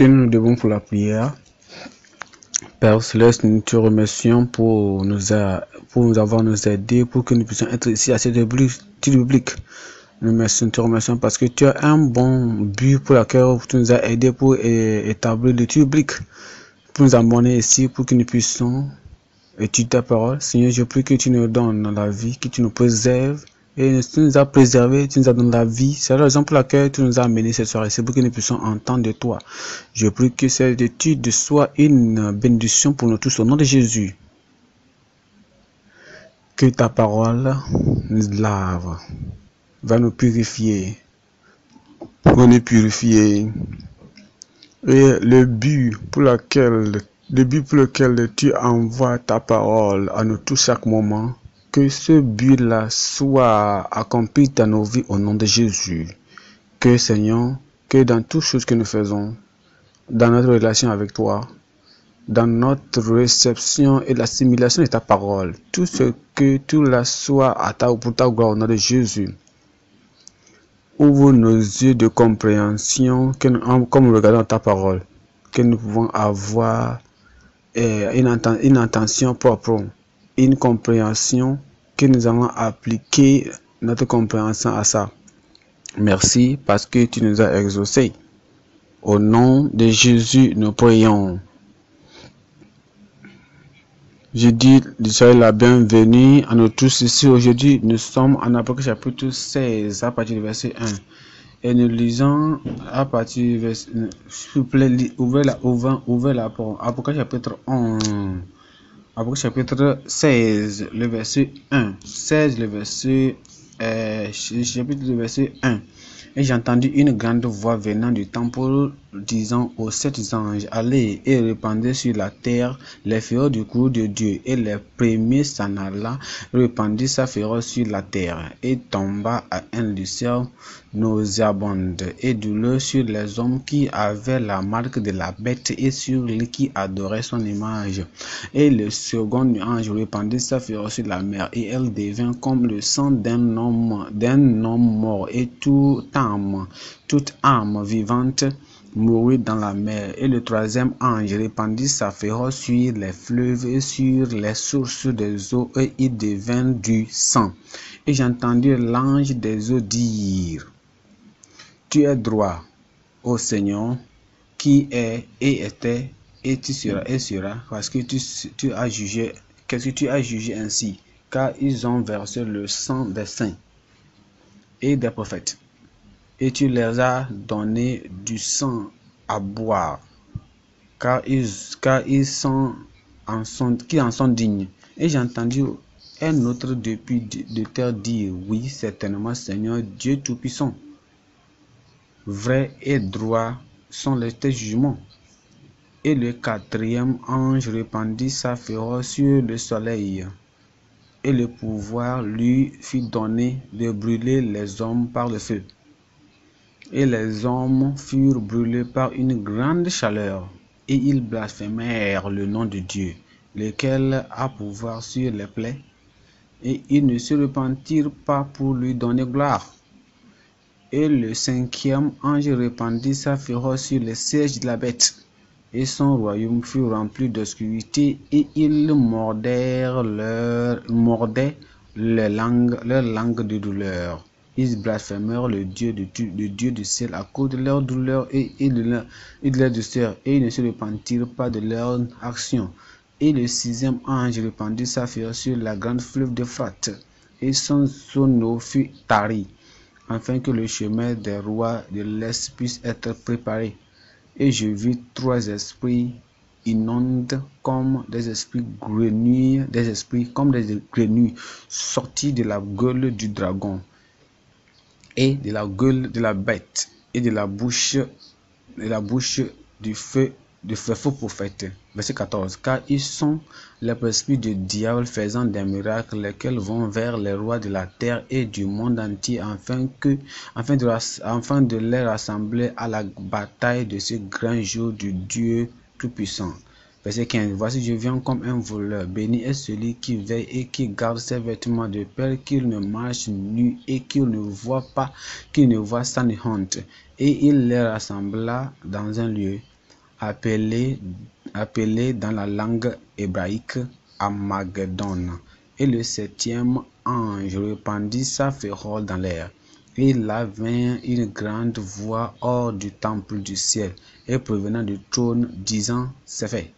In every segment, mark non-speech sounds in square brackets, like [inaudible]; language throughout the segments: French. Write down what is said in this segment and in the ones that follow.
que nous devons pour la prière. Père Céleste, nous te remercions pour nous, pour nous avoir nous aider, pour que nous puissions être ici à cette public. Nous, te remercions parce que tu as un bon but pour laquelle tu nous as aidés pour établir le public, pour nous amener ici, pour que nous puissions étudier ta parole. Seigneur, je prie que tu nous donnes la vie, que tu nous préserves et tu nous as préservés, tu nous as donné la vie. C'est la raison pour laquelle tu nous as amenés cette soirée. C'est pour que nous puissions entendre de toi. Je prie que cette étude soit une bénédiction pour nous tous au nom de Jésus. Que ta parole nous lave, va nous purifier, pour nous purifier. Et le but pour lequel, le but pour lequel tu envoies ta parole à nous tous chaque moment, que ce but-là soit accompli dans nos vies au nom de Jésus. Que Seigneur, que dans tout choses que nous faisons, dans notre relation avec toi, dans notre réception et l'assimilation de ta parole, tout ce que tout la soit à ta pour ta gloire au nom de Jésus. Ouvre nos yeux de compréhension que nous, comme nous regardons ta parole, que nous pouvons avoir eh, une, une intention propre compréhension que nous avons appliquer notre compréhension à ça. Merci parce que tu nous as exaucé Au nom de Jésus, nous prions. Je dis, la bienvenue à nous tous ici. Aujourd'hui, nous sommes en Apocalypse chapitre 16, à partir du verset 1. Et nous lisons à partir du verset. S'il vous plaît, ouvrez la, ouvrez, ouvrez la Apocalypse chapitre 11 le chapitre 16, le verset 1. 16, le verset, 1. Euh, Et j'ai entendu une grande voix venant du temple disant aux sept anges, allez et répandez sur la terre les feux du cours de Dieu. Et le premier s'en alla, répandit sa fureur sur la terre, et tomba à un nos nauséabonde et douleur sur les hommes qui avaient la marque de la bête et sur les qui adoraient son image. Et le second ange répandit sa fureur sur la mer, et elle devint comme le sang d'un homme, d'un homme mort, et toute âme, toute âme vivante mourut dans la mer, et le troisième ange répandit sa féroce sur les fleuves et sur les sources des eaux, et il devint du sang. Et j'entendis l'ange des eaux dire, Tu es droit, ô Seigneur, qui est et était, et tu seras et seras, parce que tu, tu as jugé, qu'est-ce que tu as jugé ainsi, car ils ont versé le sang des saints et des prophètes et tu leur as donné du sang à boire, car ils, sont, en sont, qui en sont dignes. Et j'ai entendu un autre depuis de terre dire, oui, certainement Seigneur Dieu Tout-Puissant. Vrai et droit sont les tes jugements. Et le quatrième ange répandit sa fureur sur le soleil et le pouvoir lui fut donné de brûler les hommes par le feu et les hommes furent brûlés par une grande chaleur, et ils blasphémèrent le nom de Dieu, lequel a pouvoir sur les plaies, et ils ne se repentirent pas pour lui donner gloire. Et le cinquième ange répandit sa fureur sur les sièges de la bête, et son royaume fut rempli d'obscurité, et ils mordèrent mordaient leur langue de douleur ils blasphémèrent le Dieu, de, Dieu du ciel à cause de leur douleur et, de, leur, de douceur, et ils ne se repentirent pas de leur action Et le sixième ange répandit sa fureur sur la grande fleuve de fat et son, son eau fut tarie, afin que le chemin des rois de l'Est puisse être préparé. Et je vis trois esprits inondés comme des esprits grenouilles, des esprits comme des grenouilles sortis de la gueule du dragon et de la gueule de la bête et de la bouche de la bouche du feu du faux prophète. Verset 14. Car ils sont les esprits du diable faisant des miracles, lesquels vont vers les rois de la terre et du monde entier, afin, que, de, afin de les rassembler à la bataille de ce grand jour du Dieu Tout-Puissant. Verset 15. Voici, je viens comme un voleur. Béni est celui qui veille et qui garde ses vêtements de peur qu'il ne marche nu et qu'il ne voit pas, qu'il ne voit sans honte. Et il les rassembla dans un lieu appelé, appelé dans la langue hébraïque Amagedon. Et le septième ange répandit sa férole dans l'air. Et là vint une grande voix hors du temple du ciel et provenant du trône, disant C'est fait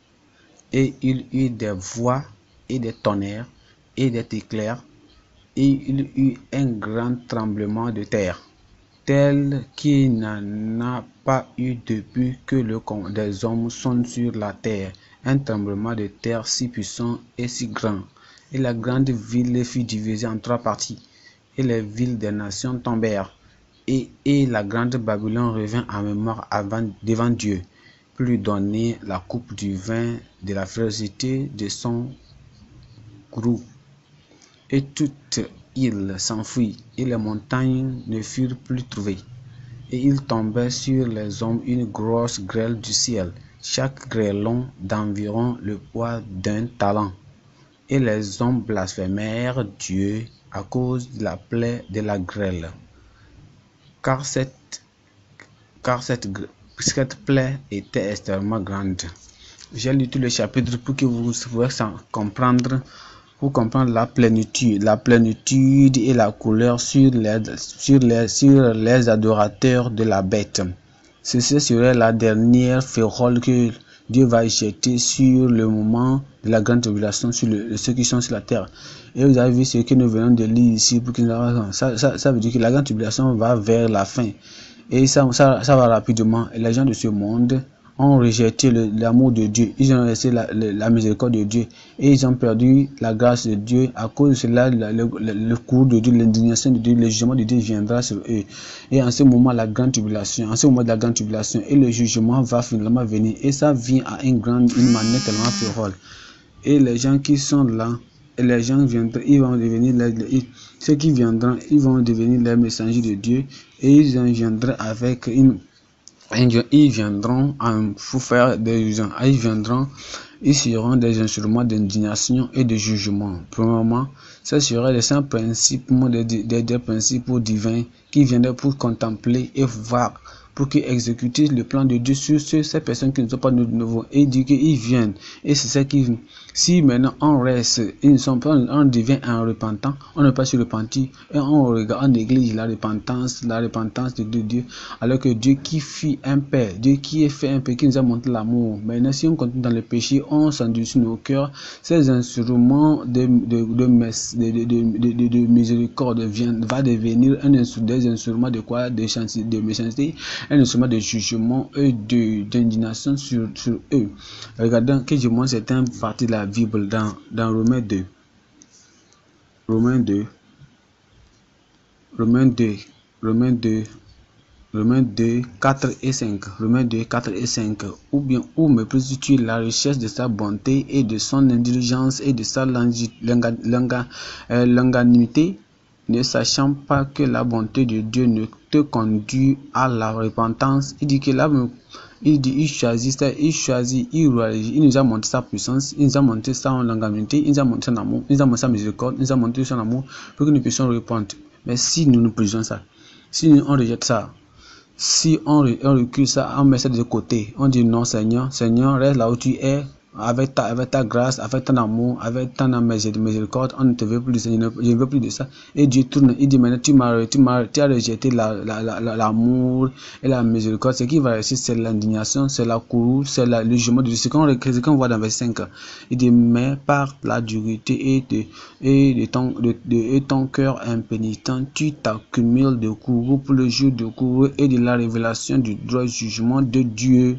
et il eut des voix et des tonnerres et des éclairs, et il eut un grand tremblement de terre, tel qu'il n'en a pas eu depuis que le des hommes sont sur la terre, un tremblement de terre si puissant et si grand. Et la grande ville fut divisée en trois parties, et les villes des nations tombèrent, et, et la grande Babylone revint à mémoire devant Dieu plus donner la coupe du vin de la férocité de son groupe. Et toute île s'enfuit, et les montagnes ne furent plus trouvées. Et il tombait sur les hommes une grosse grêle du ciel, chaque grêlon d'environ le poids d'un talent. Et les hommes blasphémèrent Dieu à cause de la plaie de la grêle. Car cette, car cette grêle cette plaie était extrêmement grande. J'ai lu tout le chapitre pour que vous puissiez comprendre, pour comprendre la plénitude, la plénitude et la couleur sur les, sur les, les adorateurs de la bête. ce serait la dernière férole que Dieu va jeter sur le moment de la grande tribulation sur le, ceux qui sont sur la terre. Et vous avez vu ce que nous venons de lire ici. Pour que, ça, ça, ça veut dire que la grande tribulation va vers la fin. Et ça, ça, va rapidement. Et les gens de ce monde ont rejeté l'amour de Dieu. Ils ont laissé la, la, miséricorde de Dieu. Et ils ont perdu la grâce de Dieu. À cause de cela, la, le, le, cours de Dieu, l'indignation de Dieu, le jugement de Dieu viendra sur eux. Et en ce moment, la grande tribulation, en ce moment de la grande tribulation, et le jugement va finalement venir. Et ça vient à une grande, une manière tellement féroce. Et les gens qui sont là, et les gens viendront, ils vont devenir les, ceux qui viendront, ils vont devenir les messagers de Dieu et ils engendrent avec une ils viendront en vous faire des gens. Ils viendront, ils seront des instruments d'indignation et de jugement. Premièrement, ce serait les 100 principes, des, des, des divins qui viendraient pour contempler et voir, pour qu'ils exécutent le plan de Dieu sur ces personnes qui ne sont pas de nouveau. Et dit qu'ils viennent. Et c'est ce qui si maintenant on reste on devient un repentant, on n'est pas sur repenti et on regarde, on néglige la repentance, la repentance de Dieu, alors que Dieu qui fit un père, Dieu qui est fait un père, qui nous a montré l'amour. Maintenant, si on continue dans le péché, on s'enduit sur nos cœurs, ces instruments de, de, de, miséricorde vont va devenir un des instruments de quoi de, chance, de méchanceté, un instrument de jugement et d'indignation sur, eux. Regardons que je montre certaines parties de la Bible dans, dans Romains 2. Romains 2. Romains 2. Romains 2. Romains 2, 4 et 5. Romains 2, 4 et 5. Ou bien, où me tu la richesse de sa bonté et de son indulgence et de sa euh, longanimité, ne sachant pas que la bonté de Dieu ne te conduit à la repentance. Il dit que l'âme. Il dit, il choisit il choisit, il réalise, il nous a montré sa puissance, il nous a montré sa amitié, il nous a montré son amour, il nous a montré sa miséricorde, il nous a montré son amour pour que nous puissions répondre. Mais si nous nous prisons ça, si on rejette ça, si on, on recule ça, on met ça de côté, on dit non Seigneur, Seigneur, reste là où tu es, avec ta, avec ta grâce, avec ton amour, avec ton miséricorde, on ne te veut plus de ça, je ne, veux plus de ça. Et Dieu tourne, il dit maintenant, tu, m'as, tu, tu as rejeté l'amour la, la, et la miséricorde. Ce qui va réussir, c'est l'indignation, c'est la courroux, c'est le jugement de Dieu. Ce qu'on, voit dans verset 5, il dit, mais par la durité et, de, et, de ton, ton cœur impénitent, tu t'accumules de courroux pour le jour de courroux et de la révélation du droit jugement de Dieu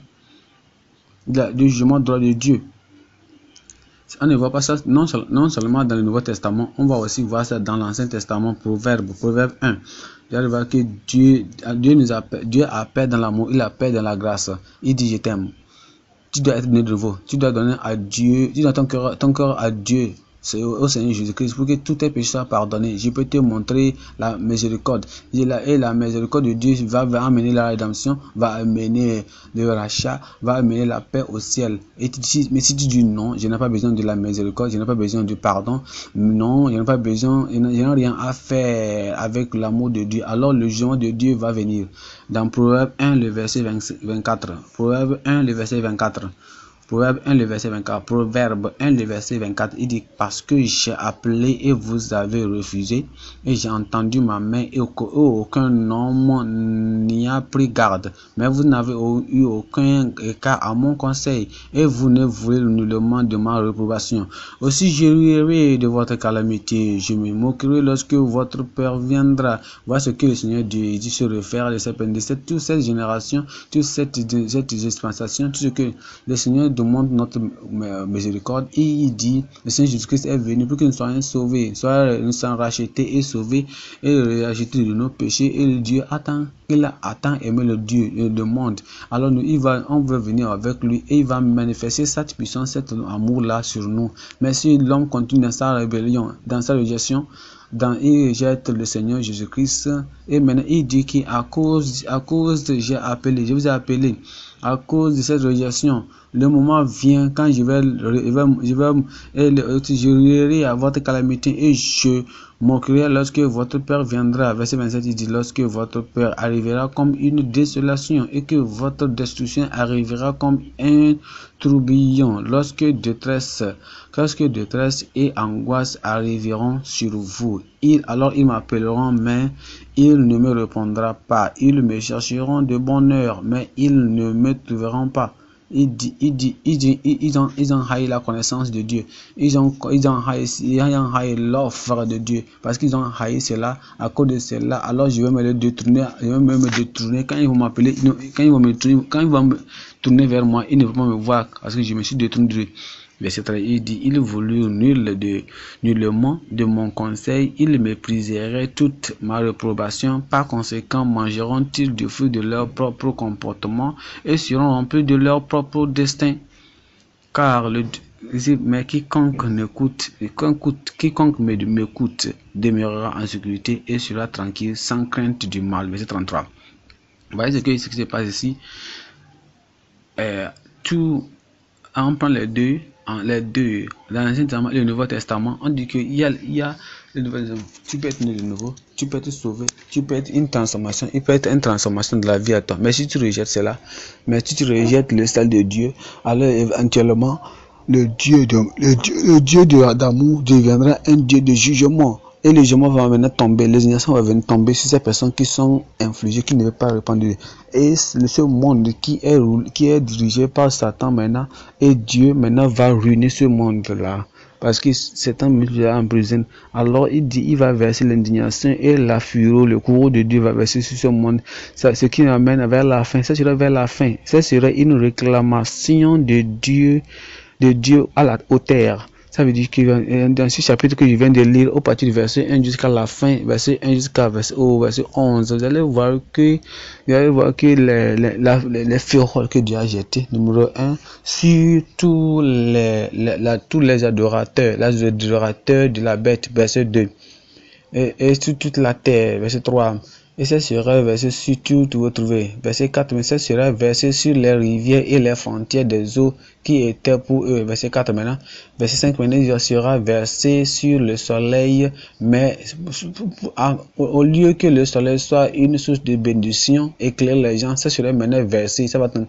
du jugement droit de Dieu. On ne voit pas ça non, non, seulement dans le Nouveau Testament, on va aussi voir ça dans l'Ancien Testament, Proverbe, Proverbe 1. Il à que Dieu, Dieu, nous appelle, Dieu appelle dans l'amour, il appelle dans la grâce. Il dit Je t'aime. Tu dois être né de nouveau. Tu dois donner à Dieu, tu dois ton cœur, ton cœur à Dieu au Seigneur Jésus-Christ pour que tout est péché pardonné. Je peux te montrer la miséricorde. Et la, la miséricorde de Dieu va, amener la rédemption, va amener le rachat, va amener la paix au ciel. Et mais si tu dis non, je n'ai pas besoin de la miséricorde, je n'ai pas besoin du pardon, non, je n'ai pas besoin, je n'ai rien à faire avec l'amour de Dieu, alors le jour de Dieu va venir. Dans Proverbe 1, le verset 24. Proverbe 1, le verset 24. Proverbe 1, le verset 24. Proverbe 1, le verset 24. Il dit Parce que j'ai appelé et vous avez refusé, et j'ai entendu ma main, et aucun homme n'y a pris garde. Mais vous n'avez eu aucun cas à mon conseil, et vous ne voulez nullement de ma réprobation. Aussi je rirai de votre calamité, je me moquerai lorsque votre père viendra. Voici ce que le Seigneur Dieu dit se refaire les serpents de toute cette génération, toute cette, cette dispensation, tout ce que le Seigneur demande notre euh, miséricorde et il dit, le Seigneur Jésus-Christ est venu pour que nous soyons sauvés, soit nous soyons rachetés et sauvés et rachetés de nos péchés. Et le Dieu attend, il attend aimer le Dieu, euh, demande demande Alors nous, il va, on veut venir avec lui et il va manifester cette puissance, cet amour-là sur nous. Mais si l'homme continue dans sa rébellion, dans sa rejection, dans, il rejette le Seigneur Jésus-Christ. Et maintenant, il dit qu'à cause, à cause, j'ai appelé, je vous ai appelé, à cause de cette rejection, le moment vient quand je vais, je vais, je à votre calamité et je moquerai lorsque votre Père viendra. Verset 27, il dit Lorsque votre Père arrivera comme une désolation et que votre destruction arrivera comme un troubillon. lorsque détresse, lorsque détresse et angoisse arriveront sur vous, alors ils m'appelleront, mais il ne me répondra pas. Ils me chercheront de bonheur, mais ils ne me trouveront pas ils, ils, ils, ont, ils ont haï la connaissance de Dieu. Ils ont, ils ont haï, haï l'offre de Dieu. Parce qu'ils ont haï cela. À cause de cela, alors je vais me le détourner. Je vais me détourner. Quand ils vont m'appeler, quand ils vont me tourner, quand ils vont me tourner vers moi, ils ne vont pas me voir. Parce que je me suis détourné Verset il dit, il voulut nul de, nullement de mon conseil, ils mépriseraient toute ma réprobation, par conséquent mangeront-ils du fruit de leur propre comportement et seront remplis de leur propre destin. Car le, mais quiconque m'écoute, quiconque m'écoute demeurera en sécurité et sera tranquille sans crainte du mal. Verset 33. Vous voyez ce, qui se passe ici. Euh, tout, on prend les deux, les deux, dans l'Ancien Testament le Nouveau Testament, on dit qu'il y a, il a le Nouveau Testament. Tu peux être né de nouveau, tu peux être sauvé, tu peux être une transformation, il peut être une transformation de la vie à toi. Mais si tu rejettes cela, mais si tu rejettes le style de Dieu, alors éventuellement, le Dieu de, le Dieu, deviendra un Dieu de jugement. Et le jugement va maintenant tomber, les indignations vont venir tomber sur ces personnes qui sont infligées, qui ne veulent pas répondre Et ce monde qui est, qui est dirigé par Satan maintenant, et Dieu maintenant va ruiner ce monde-là parce que c'est un milieu en prison. Alors il dit, il va verser l'indignation et la fureur, le courroux de Dieu va verser sur ce monde. ce qui nous amène vers la fin, ça serait vers la fin. Ce serait une réclamation de Dieu, de Dieu à la, aux ça veut dire que euh, dans ce chapitre que je viens de lire, au partir du verset 1 jusqu'à la fin, verset 1 jusqu'à verset, 11, vous allez voir que, les, les, les, que Dieu a jetées, numéro 1, sur tous les, tous les adorateurs, les adorateurs de la bête, verset 2, et, et sur toute la terre, verset 3. Et ce sera verset sur tout, vous trouvez. Verset 4, mais ce sera verset sur les rivières et les frontières des eaux qui était pour eux. Verset 4 maintenant. Verset 5 maintenant, il sera versé sur le soleil, mais au lieu que le soleil soit une source de bénédiction, éclairer les gens, ça serait maintenant versé, ça va être euh,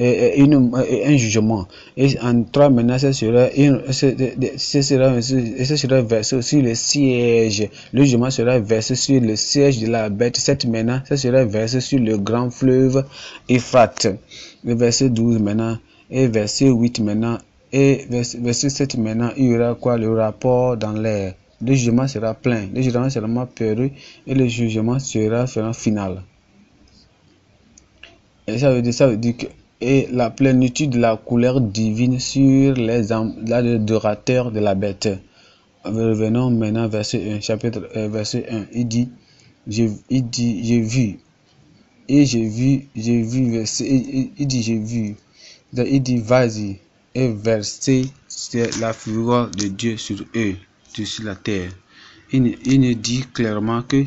euh, euh, un jugement. Et en 3 maintenant, ça serait, sera, versé sur le siège. Le jugement sera versé sur le siège de la bête. 7 maintenant, ça sera versé sur le grand fleuve Euphrate. Le verset 12 maintenant. Et verset 8 maintenant, et verset 7 maintenant, il y aura quoi Le rapport dans l'air. Le jugement sera plein, le jugement sera et le jugement sera final. Et ça veut dire, ça veut dire que et la plénitude de la couleur divine sur les adorateurs de la bête. Revenons maintenant verset 1, chapitre euh, verset 1. Il dit, il dit, j'ai vu. Et j'ai vu, j'ai vu, verset, il dit, j'ai vu il dit vas-y et verser la fureur de Dieu sur eux, sur la terre. Il, il nous dit clairement que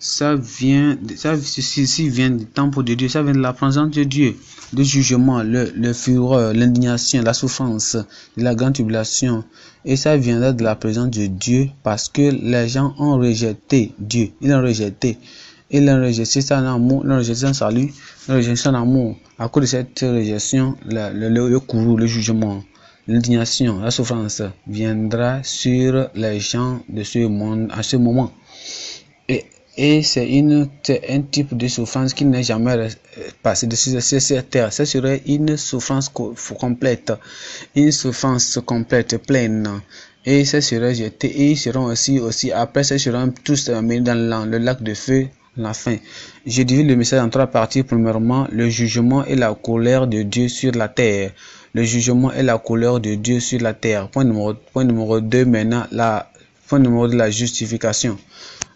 ça vient, ça, ceci vient du temple de Dieu, ça vient de la présence de Dieu, le jugement, le, le fureur, l'indignation, la souffrance, la grande tribulation. Et ça viendra de la présence de Dieu parce que les gens ont rejeté Dieu, ils ont rejeté et rejet réjection en amour, rejet salut, rejet amour. À cause de cette réjection, le, le, le courroux, le jugement, l'indignation, la souffrance viendra sur les gens de ce monde à ce moment. Et, et c'est un type de souffrance qui n'est jamais passé de cette terre. Ce serait une souffrance complète, une souffrance complète, pleine et ce serait jeté et ils seront aussi aussi après ce seront tous amenés euh, dans le lac de feu la fin. Je divise le message en trois parties. Premièrement, le jugement et la colère de Dieu sur la terre. Le jugement et la colère de Dieu sur la terre. Point numéro, point 2 maintenant, la, point numéro de la justification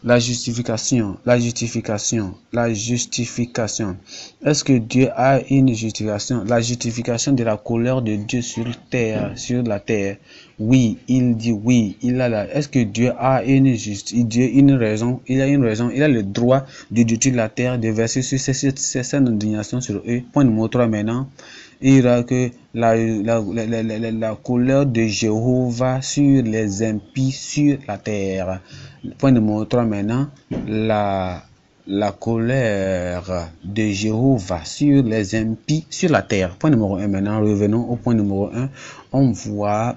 la justification, la justification, la justification. Est-ce que Dieu a une justification La justification de la couleur de Dieu sur terre, sur la terre. Oui, il dit oui, il a la Est-ce que Dieu a une juste Dieu une raison, il a une raison, il a le droit de détruire la terre, de verser sur ses d'indignation, sur eux. Point numéro 3 maintenant. Il a que la, la, la, de Jéhovah sur les impies sur la terre. Point numéro 3 maintenant, la, colère de Jéhovah sur les impies sur la terre. Point numéro 1 maintenant, revenons au point numéro 1. On voit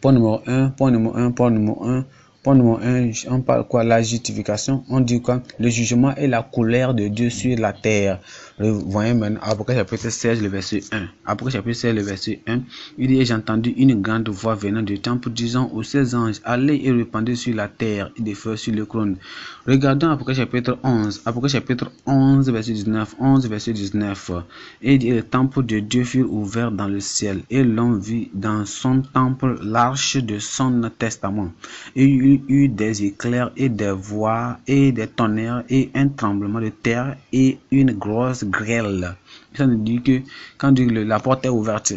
point numéro 1, point numéro 1, point numéro 1. Point numéro 1, on parle quoi La justification. On dit quoi Le jugement et la colère de Dieu sur la terre. Voyez maintenant Apocalypse chapitre 16, le verset 1. Apocalypse chapitre 16, le verset 1. Il dit J'ai entendu une grande voix venant du temple disant aux 16 anges Allez et répandez sur la terre et des feux sur le trône. Regardons Apocalypse chapitre 11. Apocalypse chapitre 11, verset 19. 11, verset 19. Et le temple de Dieu fut ouvert dans le ciel et l'on vit dans son temple l'arche de son testament. Et il y eut des éclairs et des voix et des tonnerres et un tremblement de terre et une grosse grêle. Ça nous dit que quand la porte est ouverte,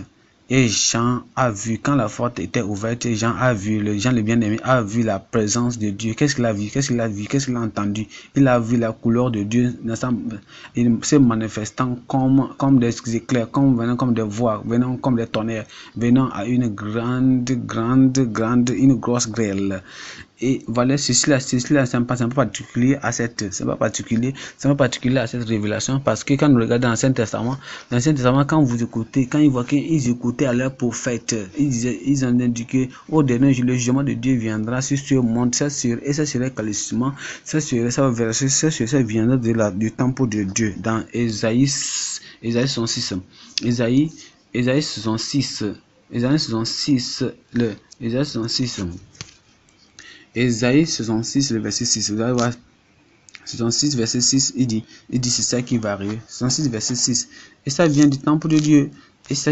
et Jean a vu, quand la porte était ouverte, Jean a vu, le, Jean le bien-aimé a vu la présence de Dieu. Qu'est-ce qu'il a vu Qu'est-ce qu'il a vu Qu'est-ce qu'il a entendu Il a vu la couleur de Dieu il se manifestant comme, comme des éclairs, comme, venant comme des voix, venant comme des tonnerres, venant à une grande, grande, grande, une grosse grêle. Et voilà, ceci là, ceci là, c'est pas, pas particulier à cette, c'est pas particulier, c'est pas particulier à cette révélation parce que quand nous regardons l'Ancien Testament, l'Ancien Testament, quand vous écoutez, quand ils voient qu'ils écoutaient à leurs prophètes, ils disaient, ils ont indiqué au dernier jour, le jugement de Dieu viendra sur ce monde, ça sur, et ça serait calissement, ça serait, ça va ça sur, ça viendra de la, du temple de Dieu dans Esaïe, Esaïe 66, Esaïe, Esaïe 66, Esaïe 66, le, Esaïe 66. Ésaïe 66, le verset 6. Vous allez verset 6, il dit, il dit c'est ça qui va arriver. 66, verset 6. Et ça vient du temple de Dieu. Et, ça,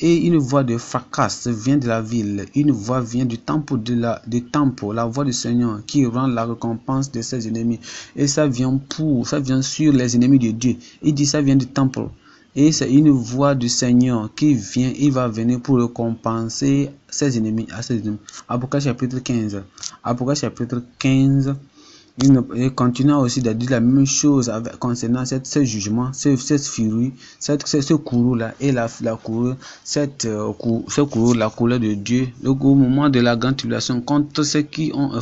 et une voix de fracas vient de la ville. Une voix vient du temple de la du temple, la voix du Seigneur qui rend la récompense de ses ennemis. Et ça vient pour, ça vient sur les ennemis de Dieu. Il dit ça vient du temple. Et c'est une voix du Seigneur qui vient, il va venir pour récompenser ses ennemis à Apocalypse chapitre 15. Apocalypse chapitre 15. Il continue aussi de dire la même chose concernant cette, ce jugement, cette, furie, cette, ce, ce courroux-là, et la, la cette, euh, ce la couleur de Dieu. au moment de la grande tribulation, contre ceux qui ont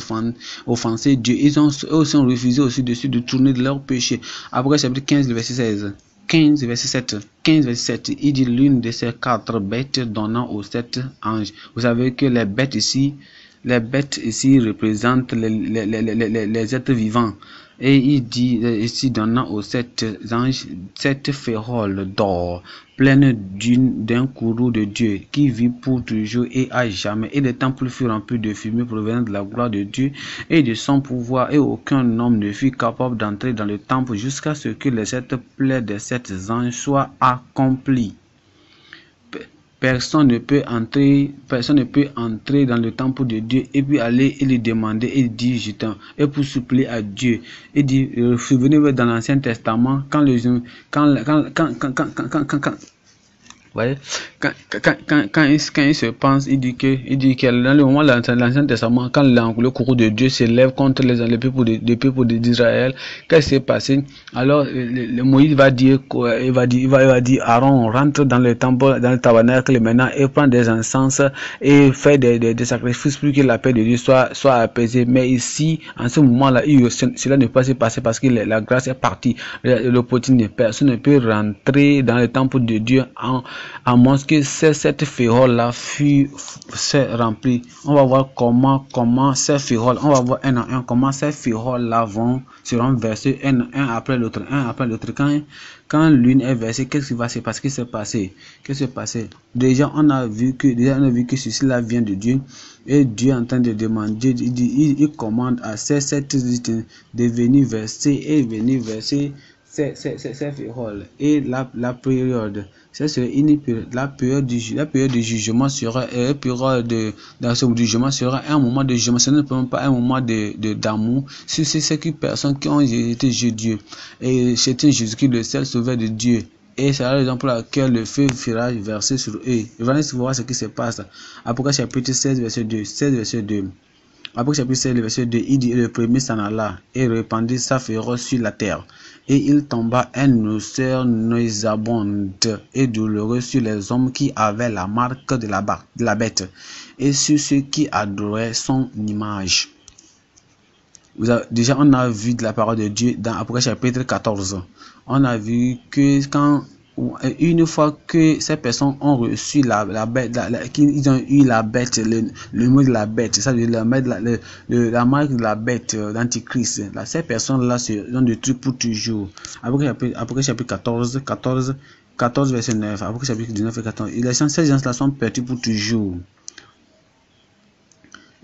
offensé, Dieu, ils ont, aussi refusé aussi de, de tourner de leur péché. Apocalypse chapitre 15, verset 16. 15, verset 7. 15, verset 7, il dit l'une de ces quatre bêtes donnant aux sept anges. Vous savez que les bêtes ici, les bêtes ici représentent les êtres vivants. Et il dit ici euh, donnant aux sept anges sept féroles d'or, pleines d'un courroux de Dieu, qui vit pour toujours et à jamais. Et les temples furent remplis de fumée provenant de la gloire de Dieu et de son pouvoir, et aucun homme ne fut capable d'entrer dans le temple jusqu'à ce que les sept plaies des sept anges soient accomplies. Personne ne peut entrer, personne ne peut entrer dans le temple de Dieu et puis aller et lui demander et dire je t'en et pour supplier à Dieu. Et dire souvenez-vous dans l'Ancien Testament quand le quand quand quand quand quand, quand, quand, quand quand, quand, quand, quand, il, quand, se pense, il dit que, il dit dans le moment de l'Ancien Testament, quand le courroux de Dieu s'élève contre les, les peuples d'Israël, qu'est-ce qui s'est passé Alors le, Moïse va dire, il va dire, il va, il va dire, Aaron rentre dans le temple, dans le tabernacle maintenant et prend des encens et fait des, des, sacrifices pour que la paix de Dieu soit, soit apaisée. Mais ici, en ce moment-là, cela ne peut pas se passer parce que la grâce est partie. Le, le, personne ne peut rentrer dans le temple de Dieu en à moins que cette férole là s'est remplie. On va voir comment, comment ces féholes, on va voir un à un, comment ces là vont seront versés un, un après l'autre, un après l'autre. Quand, quand l'une est versée, qu'est-ce qui va se passer Qu'est-ce qui s'est passé que s'est passé Déjà, on a vu que, déjà, on a vu que ceci-là vient de Dieu. Et Dieu est en train de demander, il, il, commande à ces sept de venir verser et venir verser c'est ces, ces, et la, la période c'est une la période du la période du jugement sera la période de dans ce jugement sera un moment de jugement ce n'est pas un moment de d'amour si c'est ces personnes qui ont été chez Dieu et c'était Jésus qui le seul sauveur de Dieu et c'est la raison pour laquelle le feu sera verser sur eux. Et vous voir ce qui se passe. Apocalypse chapitre 16, verset 2. 16, verset 2. Après chapitre 7, le verset 2, il dit, le premier s'en alla et répandit sa féroce sur la terre. Et il tomba un noceur noisabonde et douloureux sur les hommes qui avaient la marque de la, bête et sur ceux qui adoraient son image. déjà, on a vu de la parole de Dieu dans Après chapitre 14. On a vu que quand une fois que ces personnes ont reçu la, la bête, la, qu'ils ont eu la bête, le, le mot de la bête, ça veut dire la, la, marque de la bête, l'antichrist, euh, ces personnes-là sont de trucs pour toujours. Après, après, chapitre 14, 14, 14 verset 9, après chapitre 19 et 14, ces gens-là sont perdus pour toujours.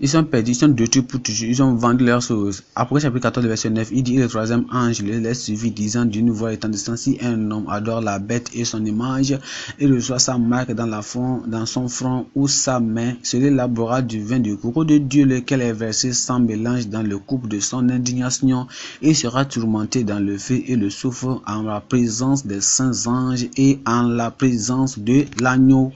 Ils sont perdus, ils sont détruits pour toujours, ils ont vendu leurs choses. Après chapitre 14, verset 9, il dit le troisième ange les laisse suivi, disant d'une voix étant Si un homme adore la bête et son image, et reçoit sa marque dans, la front, dans son front ou sa main, celui-là du vin du courroux de Dieu, lequel est versé sans mélange dans le couple de son indignation, et sera tourmenté dans le feu et le souffle en la présence des saints anges et en la présence de l'agneau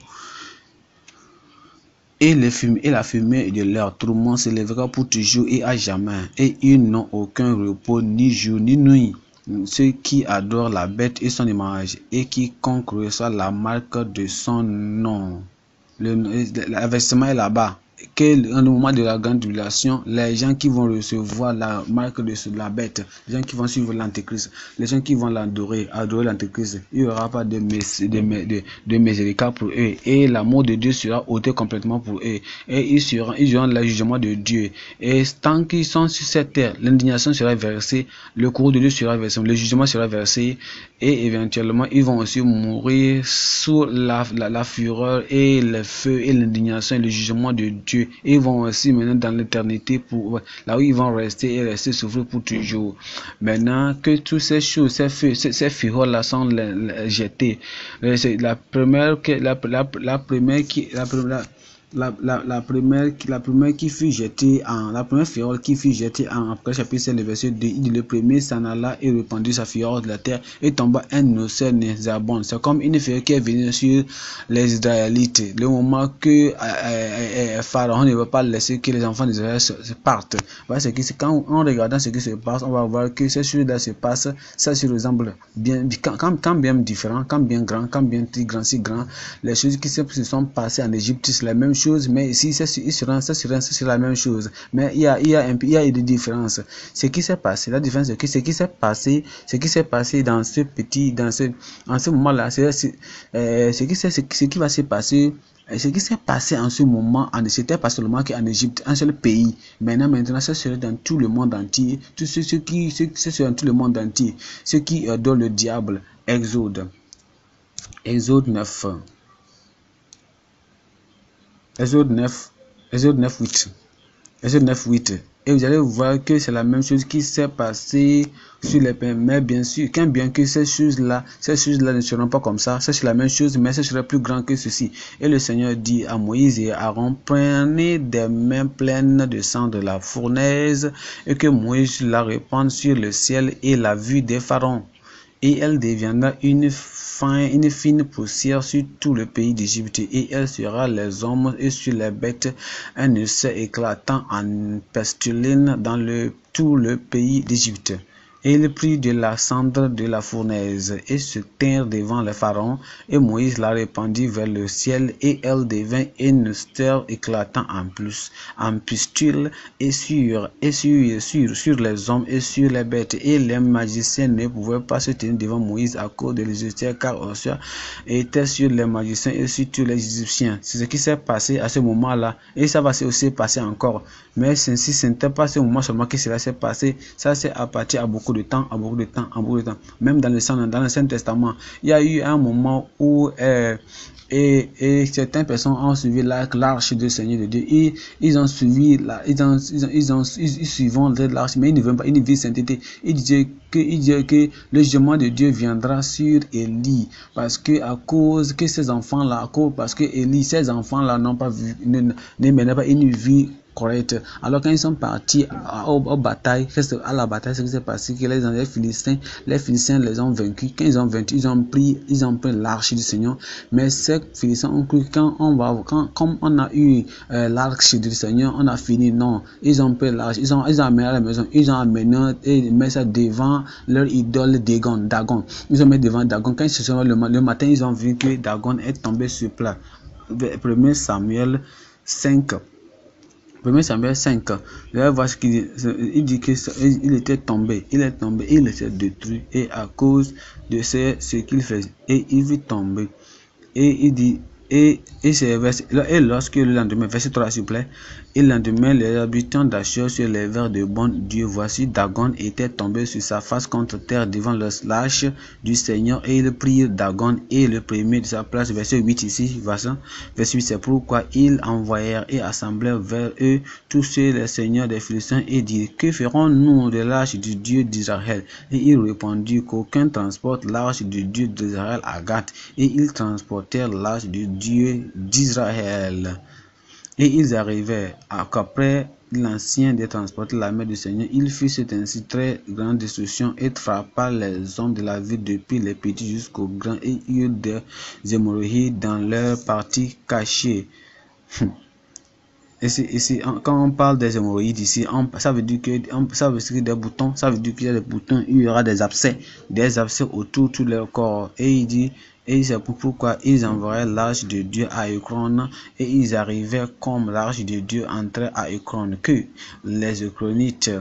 et, les et la fumée de leur tourment s'élèvera pour toujours et à jamais, et ils n'ont aucun repos ni jour ni nuit. Ceux qui adorent la bête et son image, et qui reçoit la marque de son nom. Le, est là-bas que le moment de la grande tribulation, les gens qui vont recevoir la marque de la bête, les gens qui vont suivre l'antéchrist, les gens qui vont l'adorer, adorer l'antéchrist, il n'y aura pas de, de, de, miséricorde pour eux. Et l'amour de Dieu sera ôté complètement pour eux. Et ils seront, ils auront le jugement de Dieu. Et tant qu'ils sont sur cette terre, l'indignation sera versée, le cours de Dieu sera versé, le jugement sera versé et éventuellement ils vont aussi mourir sous la, la, fureur et le feu et l'indignation et le jugement de Dieu. Ils vont aussi maintenant dans l'éternité pour là où ils vont rester et rester souffrir pour toujours. Maintenant que toutes ces choses, ces feux, ces, fureurs là sont jetées. Euh, la première, la, la, la première qui la première la, la, première, la première qui fut jetée en, la première fiole qui fut jetée en, après chapitre c'est le verset 2, il le premier s'en alla et répandit sa fiole de la terre et tomba un océan zabon C'est comme une fiole qui est venue sur les Israélites. Le moment que euh, euh, euh, Pharaon ne veut pas laisser que les enfants d'Israël se, se, partent. c'est que quand en regardant ce qui se passe, on va voir que ces choses-là se passe ça se ressemble bien, quand, quand, bien différent, quand bien grand, quand bien grand, si grand, les choses qui se sont passées en Égypte, c'est la même chose mais ici, c'est sur la même chose. Mais il y a, un, des Ce qui s'est passé, la différence, c'est ce qui s'est passé, ce qui s'est passé dans ce petit, dans ce, en ce moment-là, c'est euh, ce, qui, ce qui va se passer et euh, ce qui s'est passé en ce moment, c'était pas seulement qu'en Égypte, un seul pays. Maintenant, maintenant, ce serait dans tout le monde entier. Tout ce, qui, ce, euh, dans tout le monde entier. Ce qui est le diable. Exode. Exode 9. Exode 9, Exode 9, 8. Exode 9, 8. Et vous allez voir que c'est la même chose qui s'est passée sur les pains. Mais bien sûr, quand bien que ces choses-là, là ne seront pas comme ça, c'est la même chose, mais ce sera plus grand que ceci. Et le Seigneur dit à Moïse et à Aaron, prenez des mains pleines de sang de la fournaise et que Moïse la répande sur le ciel et la vue des pharaons et elle deviendra une, fine poussière sur tout le pays d'Égypte, et elle sera les hommes et sur les bêtes un se éclatant en pestilence dans tout le pays d'Égypte et Il prit de la cendre de la fournaise et se tint devant le pharaon, et Moïse la répandit vers le ciel, et elle devint une stère éclatant en plus, en pistule et sur, et sur, sur, sur les hommes et sur les bêtes. Et les magiciens ne pouvaient pas se tenir devant Moïse à cause de l'Égyptien, car Ossia était sur les magiciens et sur tous les Égyptiens. C'est ce qui s'est passé à ce moment-là, et ça va aussi passer encore. Mais ceci, ce n'était pas ce moment seulement que cela s'est passé, ça s'est apparti à beaucoup de temps, à beaucoup de temps, à beaucoup de temps. Même dans le Saint, dans saint Testament, il y a eu un moment où et, et, certaines personnes ont suivi l'arche de Seigneur de Dieu. Ils, ils ont suivi la, ils ont, ils ont, ils, suivent l'arche, mais ils ne veulent pas, une vie sainteté. Ils disaient que, ils que le jugement de Dieu viendra sur Élie parce que à cause que ces enfants-là, parce que Élie, ces enfants-là n'ont pas vu, ne, ne, pas une vie alors quand ils sont partis euh, aux, à la bataille, ce qui s'est passé, que les, Philistins, les Philistins les ont vaincus. Quand ils ont vaincu, ils ont pris, ils ont pris l'arche du Seigneur. Mais ces Philistins ont cru quand on va, quand, comme on a eu euh, l'arche du Seigneur, on a fini. Non, ils ont pris l'arche, ils ont, ils amené à la maison, ils ont amené et mis ça devant leur idole Dagon. Dagon. Ils ont mis devant Dagon. Quand ils se sont le, le matin, ils ont vu que Dagon est tombé sur place. 1 Samuel 5. 1 Samuel 5, ans. il dit qu'il était tombé, il est tombé, il était détruit, et à cause de ce, qu'il faisait, et il vit tomber. Et il dit, et, et lorsque le lendemain, verset 3 s'il vous plaît, et lendemain, les habitants d'Achor sur les vers de bon Dieu, voici Dagon était tombé sur sa face contre terre devant le lâche du Seigneur, et ils prirent Dagon et le premier de sa place. Verset 8 ici, verset 8, c'est pourquoi ils envoyèrent et assemblèrent vers eux tous ceux les seigneurs des Philistins et dirent, que ferons-nous de l'arche du Dieu d'Israël Et ils répondirent qu'aucun transporte l'arche du Dieu d'Israël à Gath, et ils transportèrent l'arche du Dieu d'Israël. Et ils arrivèrent à qu'après l'ancien des la main du Seigneur, il fit cette ainsi très grande destruction et frappa les hommes de la ville depuis les petits jusqu'aux grands et eu des hémorroïdes dans leur partie cachée. Hum. Et ici, quand on parle des hémorroïdes ici, ça veut dire que ça veut dire des boutons, ça veut dire qu'il y a des boutons, il y aura des abcès, des abcès autour tout leur corps. Et il dit et c'est pourquoi ils envoyaient l'arche de Dieu à Eucrone et ils arrivaient comme l'arche de Dieu entrait à Eucrone que les Eucronites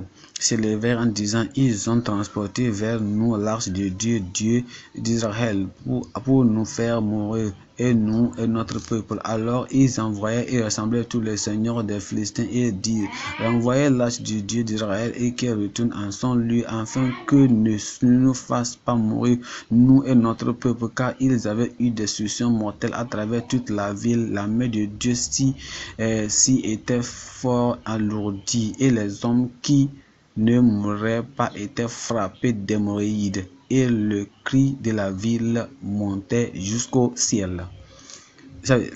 s'élevèrent en disant, ils ont transporté vers nous l'arche de Dieu, Dieu d'Israël, pour, pour nous faire mourir, et nous et notre peuple. Alors ils envoyèrent et rassemblèrent tous les seigneurs des Philistins et dirent, renvoyez l'arche de Dieu d'Israël et qu'elle retourne en son lieu, afin que ne nous fasse pas mourir, nous et notre peuple, car ils avaient eu des soucis mortelles à travers toute la ville. La main de Dieu si, euh, si était fort alourdie, et les hommes qui ne m'aurait pas été frappé d'hémorroïdes, et le cri de la ville montait jusqu'au ciel.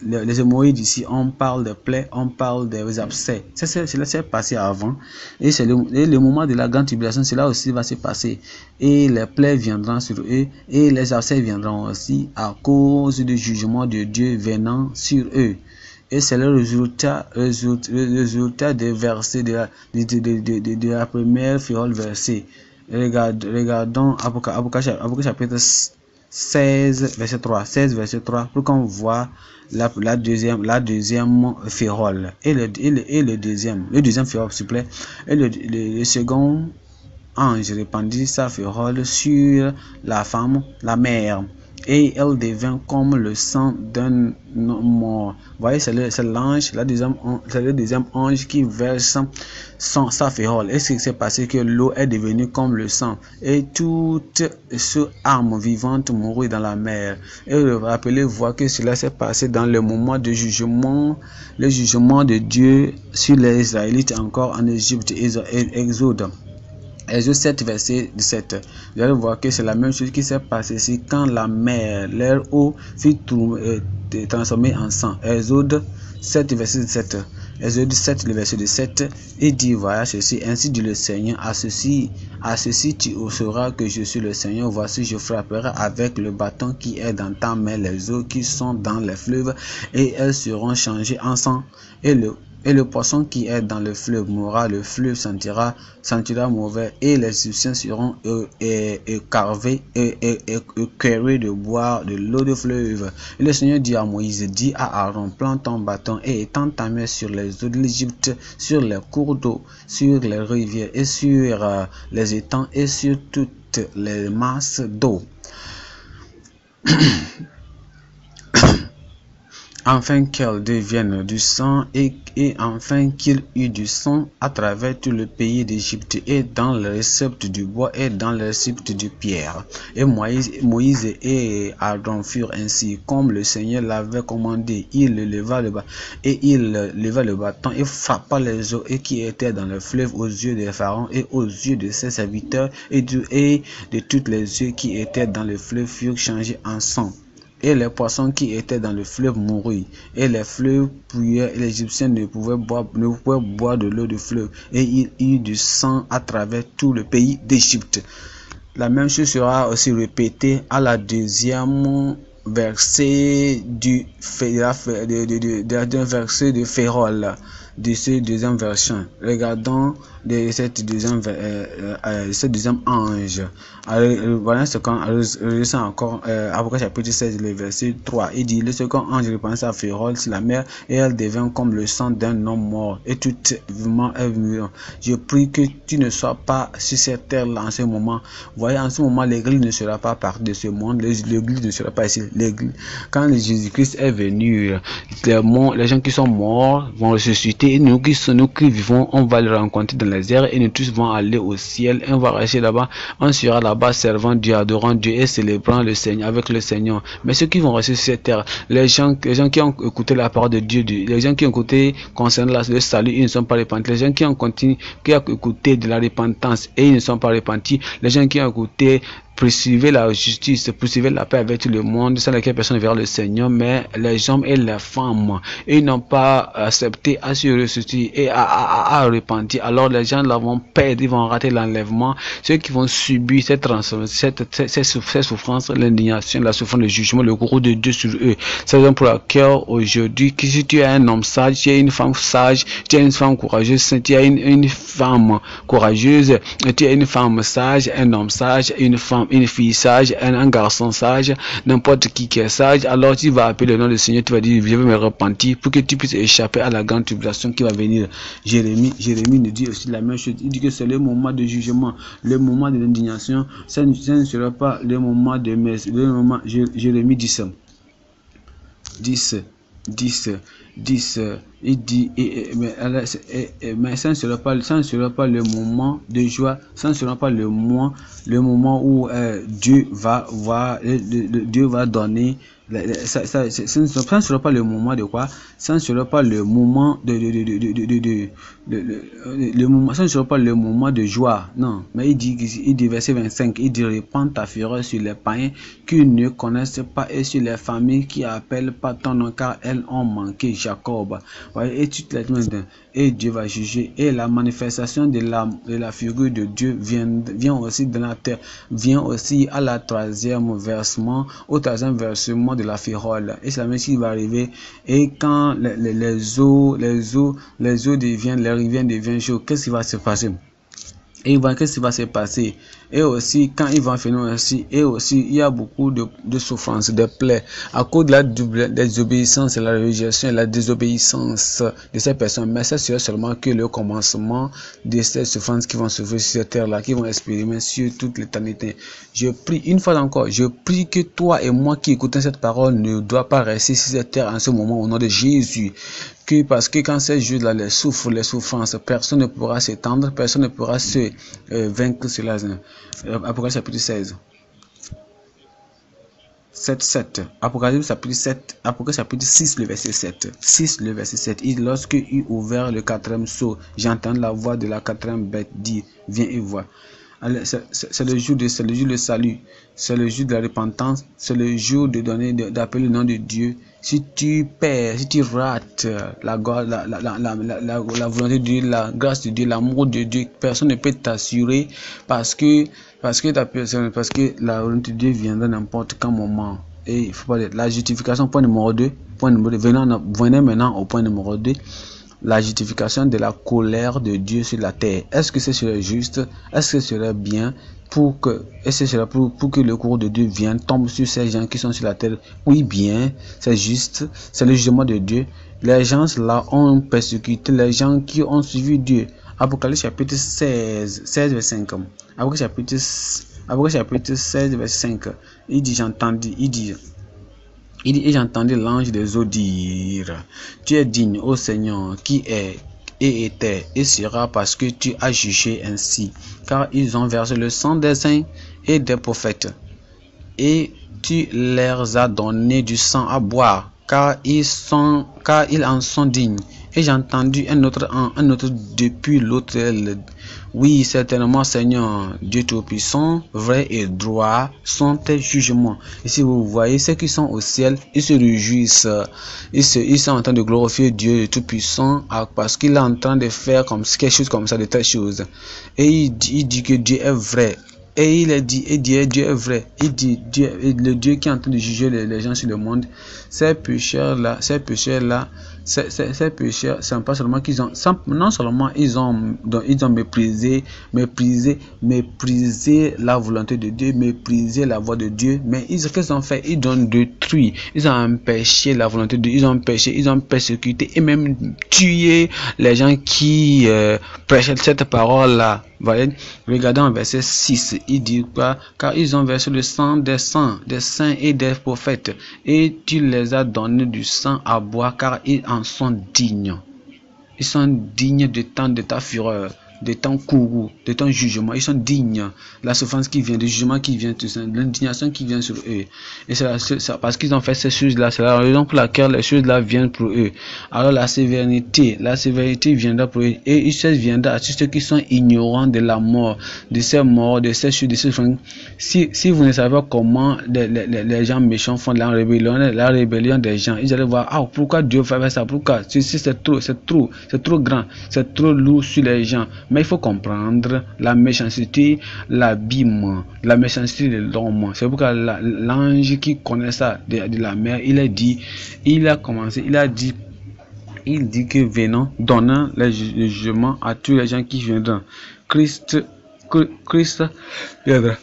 Les hémorroïdes ici, on parle de plaies, on parle des abcès. Cela s'est passé avant. Et, le, le moment de la grande tribulation, cela aussi va se passer. Et les plaies viendront sur eux. Et les abcès viendront aussi à cause du jugement de Dieu venant sur eux. Et c'est le résultat, résultat, des versets de la, de, la première fiole versée. Regarde, regardons Apocalypse chapitre 16, verset 3. 16, verset 3, pour qu'on voit la, deuxième, la deuxième férole. Et le, et le, deuxième, le deuxième s'il vous plaît. Et le, second ange répandit sa férole sur la femme, la mère, et elle devint comme le sang d'un mort. Vous voyez, c'est l'ange, c'est le deuxième ange qui verse sa férole Et ce qui s'est passé, que l'eau est devenue comme le sang. Et toutes ces armes vivantes mourut dans la mer. Et rappelez-vous que cela s'est passé dans le moment de jugement, le jugement de Dieu sur les Israélites encore en Égypte, Exode. Exode 7, verset 17. Vous allez voir que c'est la même chose qui s'est passée ici quand la mer, l'air eau, fut euh, transformée en sang. Exode 7, verset 17. Exode 7, le verset 17, il dit, voilà ceci, ainsi dit le Seigneur, à ceci, à ceci tu sauras que je suis le Seigneur, voici je frapperai avec le bâton qui est dans ta main les eaux qui sont dans les fleuves, et elles seront changées en sang, et le et le poisson qui est dans le fleuve mourra, le fleuve sentira, mauvais, et les Égyptiens seront écarvés et, écœurés de boire de l'eau de fleuve. le Seigneur dit à Moïse, dit à Aaron, plante ton bâton et étends ta main sur les eaux de l'Égypte, sur les cours d'eau, sur les rivières et sur euh, les étangs et sur toutes les masses d'eau. [clears throat] Enfin qu'elle devienne du sang et, et afin qu'il eût du sang à travers tout le pays d'Égypte et dans le récepte du bois et dans le récepte du pierre. Et Moïse, et Aaron furent ainsi comme le Seigneur l'avait commandé. Il leva le, et il leva le bâton et frappa les eaux et qui étaient dans le fleuve aux yeux des pharaons et aux yeux de ses serviteurs et, du, et de toutes les yeux qui étaient dans le fleuve furent changées en sang. Et les poissons qui étaient dans le fleuve moururent. Et les fleuves puaient, l'Égyptien ne pouvait boire, ne boire de l'eau de fleuve. Et il y eut du sang à travers tout le pays d'Égypte. La même chose sera aussi répétée à la deuxième verset du de, de, verset de Férol, de ce deuxième version Regardons de cette deuxième, euh, euh, euh ce deuxième ange. Alors, euh, voilà ce qu'on ressent encore euh, après chapitre 16, le verset 3. Il dit, le second ange repensa à férole sur la mer et elle devint comme le sang d'un homme mort et tout vivement est venu Je prie que tu ne sois pas sur cette terre-là en ce moment. Voyez, en ce moment, l'église ne sera pas partie de ce monde. L'église ne sera pas ici. L'église, quand Jésus-Christ est venu, les gens qui sont morts vont ressusciter et nous qui, nous qui vivons, on va le rencontrer dans la et nous tous vont aller au ciel. On va rester là-bas. On sera là-bas servant Dieu, adorant Dieu et célébrant le Seigneur avec le Seigneur. Mais ceux qui vont rester sur cette terre, les gens, les gens qui ont écouté la parole de Dieu, les gens qui ont écouté concernant le salut, ils ne sont pas repentis. Les gens qui ont continué, qui a écouté de la repentance et ils ne sont pas repentis. Les gens qui ont écouté poursuivez la justice, poursuivez la paix avec tout le monde, sans laquelle personne ne verra le Seigneur, mais les hommes et les femmes, ils n'ont pas accepté à se ressusciter et à, à, à, à repentir. Alors les gens l'avons perdu, ils vont rater l'enlèvement. Ceux qui vont subir cette transformation, cette, cette, souffrance, l'indignation, la souffrance, le jugement, le courroux de Dieu sur eux. C'est donc pour laquelle aujourd'hui, que si tu es un homme sage, tu es une femme sage, tu es une femme courageuse, tu es une, une femme courageuse, tu es une femme sage, un homme sage, une femme une fille sage, un, garçon sage, n'importe qui qui est sage, alors tu vas appeler le nom du Seigneur, tu vas dire, je vais me repentir pour que tu puisses échapper à la grande tribulation qui va venir. Jérémie, Jérémie nous dit aussi la même chose. Il dit que c'est le moment de jugement, le moment de l'indignation. Ça, ne sera pas le moment de messe, le moment, Jérémie dit ça. 10, 10. 10, euh, il dit, et, et, mais, ça ne sera pas, ça sera pas le moment de joie, ça ne sera pas le moment, le moment où euh, Dieu va voir, Dieu va donner, ça, ne sera pas le moment de quoi ça ne sera pas le moment de, de, de, le ne sera pas le moment de joie. Non, mais il dit, dit verset 25, il dit répand ta fureur sur les païens qui ne connaissent pas et sur les familles qui appellent pas ton nom car elles ont manqué Jacob. et et Dieu va juger et la manifestation de la, de la figure de Dieu vient, vient aussi de la terre, vient aussi à la troisième versement, au troisième versement de la fureur. Et ça la même qui va arriver et quand les, les, eaux, les eaux, les eaux deviennent, les rivières deviennent chaudes, qu'est-ce qui va se passer Et il qu'est-ce qui va se passer et aussi, quand il va finir ainsi et aussi, il y a beaucoup de, de souffrances, de plaies, à cause de la double, désobéissance, la réjouissance et la désobéissance de ces personnes. Mais ça sera seulement que le commencement de ces souffrances qui vont se faire sur cette terre-là, qui vont expérimenter sur toute l'éternité. Je prie, une fois encore, je prie que toi et moi qui écoutons cette parole ne doit pas rester sur cette terre en ce moment au nom de Jésus. Que parce que quand ces jours-là les souffrent, les souffrances, personne ne pourra s'étendre, personne ne pourra se euh, sur vaincre cela. Euh, Apocalypse chapitre 16. 7, 7. Apocalypse chapitre 7, Apocalypse chapitre 6, le verset 7. 6, le verset 7. Et lorsque eut ouvert le quatrième saut j'entends la voix de la quatrième bête dire, viens et vois. C'est le jour de, le salut, c'est le jour de la repentance, c'est le jour de donner, d'appeler le nom de Dieu, si tu perds, si tu rates euh, la, la, volonté de Dieu, la grâce de Dieu, l'amour de Dieu, personne ne peut t'assurer parce que, parce que parce que la volonté de Dieu viendra n'importe quel moment. Et il faut pas dire. La justification, point numéro 2, point numéro venons, maintenant au point numéro 2 la justification de la colère de Dieu sur la terre. Est-ce que ce serait juste Est-ce que ce serait bien pour que, et pour, pour, que le cours de Dieu vienne, tombe sur ces gens qui sont sur la terre. Oui, bien, c'est juste, c'est le jugement de Dieu. Les gens là ont persécuté les gens qui ont suivi Dieu. Apocalypse chapitre 16, 16 verset 5. Apocalypse chapitre, Apocalypse chapitre 16, verset 5. Il dit, j'entendis, il dit, il dit, j'entendis l'ange des eaux dire, Tu es digne, ô Seigneur, qui est et était, et sera parce que tu as jugé ainsi, car ils ont versé le sang des saints et des prophètes, et tu leur as donné du sang à boire, car ils, sont, car ils en sont dignes. Et j'ai entendu un autre un, autre depuis l'hôtel Oui, certainement, Seigneur, Dieu Tout-Puissant, vrai et droit sont tes jugements. Et si vous voyez ceux qui sont au ciel, ils se réjouissent. Ils, se, ils sont en train de glorifier Dieu Tout-Puissant ah, parce qu'il est en train de faire comme, quelque chose comme ça, de telles choses. Et il dit, que Dieu est vrai. Et il a dit, et Dieu, Dieu est vrai. Il dit, Dieu, le Dieu qui est en train de juger les, les gens sur le monde, ces pécheurs-là, ces pécheurs-là, ces, pécheurs, c'est pas seulement qu'ils ont, non seulement ils ont, ils ont méprisé, méprisé, méprisé la volonté de Dieu, méprisé la voix de Dieu, mais ils, qu'est-ce qu'ils ont fait Ils ont détruit, ils ont empêché la volonté de Dieu, ils ont ils ont persécuté et même tué les gens qui euh, prêchaient cette parole-là voyez, regardons verset 6, il dit quoi Car ils ont versé le sang des saints, des saints et des prophètes, et tu les as donné du sang à boire, car ils en sont dignes. Ils sont dignes de tant de ta fureur de ton courroux, de ton jugement. Ils sont dignes. La souffrance qui vient, du jugement qui vient, l'indignation qui vient sur eux. Et c'est parce qu'ils ont fait ces choses-là, c'est la raison pour laquelle les choses-là viennent pour eux. Alors la sévérité, la sévérité viendra pour eux. Et ils viendra à ceux qui sont ignorants de la mort, de ces morts, de ces choses, de ces Si, si vous ne savez comment les, les, gens méchants font la rébellion, la rébellion des gens, ils allaient voir, ah, pourquoi Dieu fait ça, pourquoi, c'est trop, c'est trop, c'est trop grand, c'est trop lourd sur les gens. Mais il faut comprendre la méchanceté, l'abîme, la méchanceté de l'homme. C'est pourquoi l'ange qui connaît ça de, la mer, il a dit, il a commencé, il a dit, il dit que venant, donnant le jugement à tous les gens qui viendront. Christ, Christ viendra.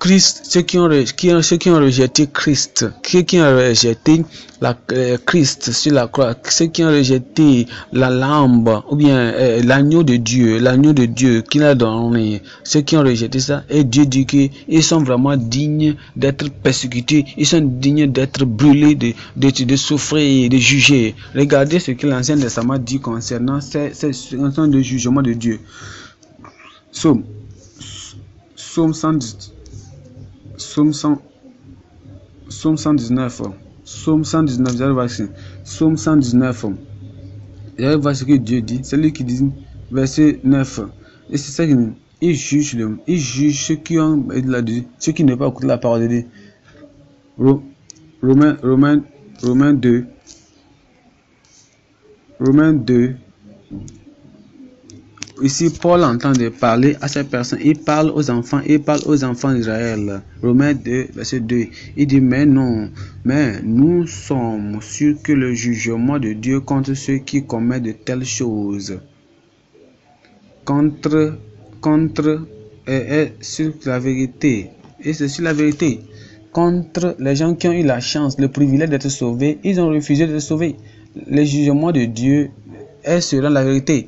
Christ, ceux qui ont, qui ont rejeté Christ, ceux qui ont rejeté la, euh, Christ sur la croix, ceux qui ont rejeté la lampe, ou bien euh, l'agneau de Dieu, l'agneau de Dieu qui l'a donné, ceux qui ont rejeté ça, et Dieu dit qu'ils sont vraiment dignes d'être persécutés, ils sont dignes d'être brûlés, de, de, souffrir, de juger. Regardez ce que l'Ancien Testament dit concernant ces, de jugement de Dieu. Somme Somme 110. Psaume 100, Psaume 119. Psaume 119, j'arrive à Psaume 119. J'arrive à ce que Dieu dit. C'est lui qui dit, verset 9. Et c'est ça qu'il dit. Il juge, il juge ceux qui ont la ceux qui n'ont pas écouté la parole de Dieu. Romain, Romain, Romain 2. Romain 2, Ici, Paul entend de parler à ces personnes. Il parle aux enfants, il parle aux enfants d'Israël. Romains 2, verset 2. Il dit, mais non, mais nous sommes sûrs que le jugement de Dieu contre ceux qui commettent de telles choses, contre, contre, est, sur la vérité. Et c'est sur la vérité. Contre les gens qui ont eu la chance, le privilège d'être sauvés, ils ont refusé d'être sauver. Le jugement de Dieu est selon la vérité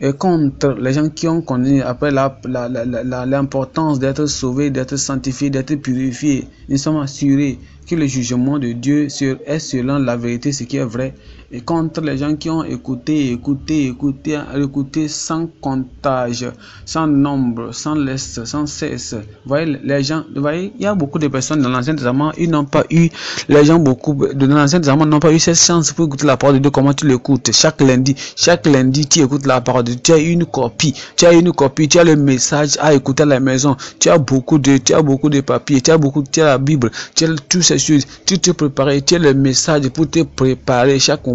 et contre les gens qui ont connu après l'importance d'être sauvés, d'être sanctifiés, d'être purifiés. Nous sommes assurés que le jugement de Dieu est selon la vérité, ce qui est vrai, et contre les gens qui ont écouté, écouté, écouté, écouté sans comptage, sans nombre, sans laisse, sans cesse. voyez, les gens, voyez, il y a beaucoup de personnes dans l'Ancien Testament, ils n'ont pas eu, les gens beaucoup dans l'Ancien Testament n'ont pas eu cette chance pour écouter la parole de Dieu. Comment tu l'écoutes Chaque lundi, chaque lundi, tu écoutes la parole de Dieu. Tu as une copie, tu as une copie, tu as le message à écouter à la maison. Tu as beaucoup de, tu as beaucoup de papiers, tu as beaucoup, tu as la Bible, tu as toutes ces Tu te prépares, tu as le message pour te préparer chaque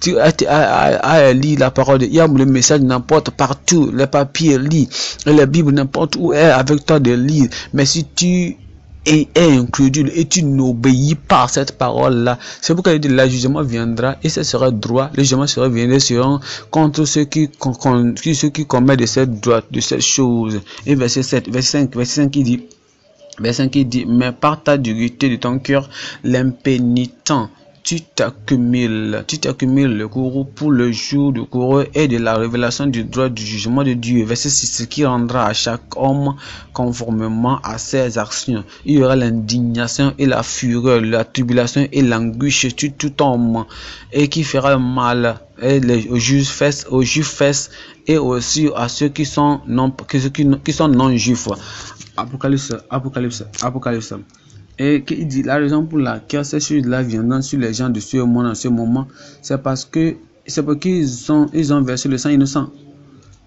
tu as, lu la parole de a le message n'importe partout, les papiers lit, la Bible n'importe où est avec toi de lire. Mais si tu es est incrédule et tu n'obéis pas à cette parole-là, c'est pourquoi il dit le jugement viendra et ce sera droit. Le jugement sera viendra sur, contre ceux qui, con, ceux qui commettent de cette droite, de cette chose. Et verset 7, verset 5, verset 5 qui dit, verset 5 qui dit, mais par ta dureté de ton cœur, l'impénitent tu t'accumules, tu t'accumules le courroux pour le jour du courroux et de la révélation du droit du jugement de Dieu. Verset 6, qui rendra à chaque homme conformément à ses actions. Il y aura l'indignation et la fureur, la tribulation et l'anguiche sur tout homme et qui fera mal et les, aux juifs fesses, aux juifs et aussi à ceux qui sont non juifs. Apocalypse, Apocalypse, Apocalypse. Et il dit la raison pour laquelle ces choses-là viendront sur les gens de ce monde en ce moment, c'est parce que c'est parce qu'ils ont, ils ont versé le sang innocent.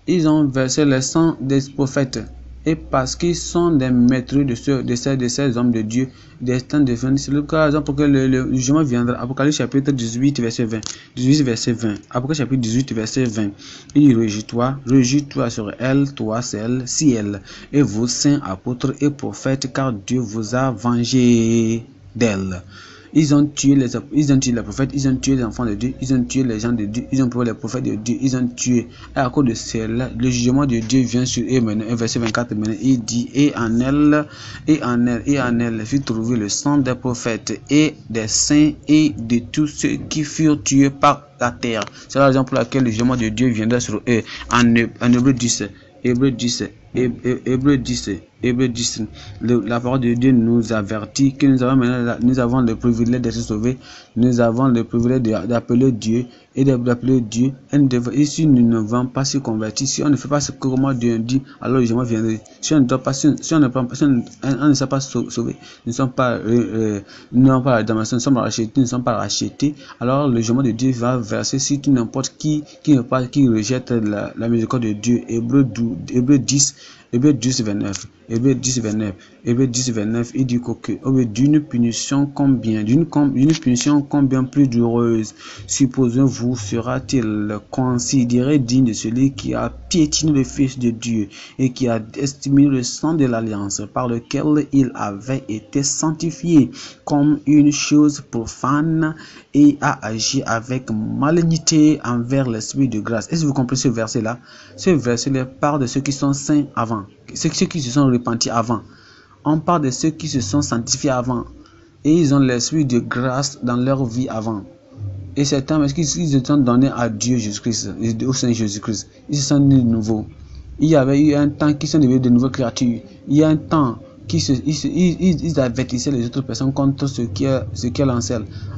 Ils ont versé le sang des prophètes et parce qu'ils sont des maîtres de, ce, de, ces, de hommes de Dieu, des temps de fin. C'est cas pour que le, jugement viendra. Apocalypse chapitre 18, verset 20. 18, verset 20. Apocalypse chapitre 18, verset 20. Il dit, toi régis-toi sur elle, toi, celle, si elle, et vos saints apôtres et prophètes, car Dieu vous a vengé d'elle. Ils ont tué les, ils ont tué les prophètes, ils ont tué les enfants de Dieu, ils ont tué les gens de Dieu, ils ont tué les prophètes de Dieu, ils ont tué. Et à cause de cela, le jugement de Dieu vient sur eux maintenant. verset 24 il dit, et en elle, et en elle, et en elle fut trouvé le sang des prophètes et des saints et de tous ceux qui furent tués par la terre. C'est la raison pour laquelle le jugement de Dieu viendra sur eux. En, Hébreu 10, Hébreu 10, Hébreu 10, Hébreu 10 la parole de Dieu nous avertit que nous avons nous avons le privilège d'être sauvés, nous avons le privilège d'appeler Dieu et d'appeler Dieu. Et si nous ne devons pas se convertir, si on ne fait pas ce que de Dieu dit, alors le jugement viendra. Si on ne doit pas, si, on ne pas, si on, ne sera pas sauvé, nous ne sommes pas, euh, euh nous pas la damnation, nous sommes rachetés, nous ne sommes pas rachetés. Alors le jugement de Dieu va verser sur n'importe qui qui ne pas, qui rejette la, la miséricorde de Dieu. Hébreu 10 ebi edu juicy bɛn Et 10, 29. 10, 29, il dit que oh, d'une punition combien, d'une punition combien plus douloureuse, supposons-vous, sera-t-il considéré digne de celui qui a piétiné le Fils de Dieu et qui a estimé le sang de l'alliance par lequel il avait été sanctifié comme une chose profane et a agi avec malignité envers l'esprit de grâce. Est-ce que vous comprenez ce verset-là? Ce verset-là parle de ceux qui sont saints avant ceux qui se sont repentis avant. On parle de ceux qui se sont sanctifiés avant. Et ils ont l'esprit de grâce dans leur vie avant. Et certains, parce qu'ils se sont donnés à Dieu Jésus-Christ, au Saint Jésus-Christ, ils se sont nés de nouveau. Il y avait eu un temps qui sont devenus de nouvelles créatures. Il y a un temps qui se, ils, ils, avertissaient les autres personnes contre ce qui est, ce qui est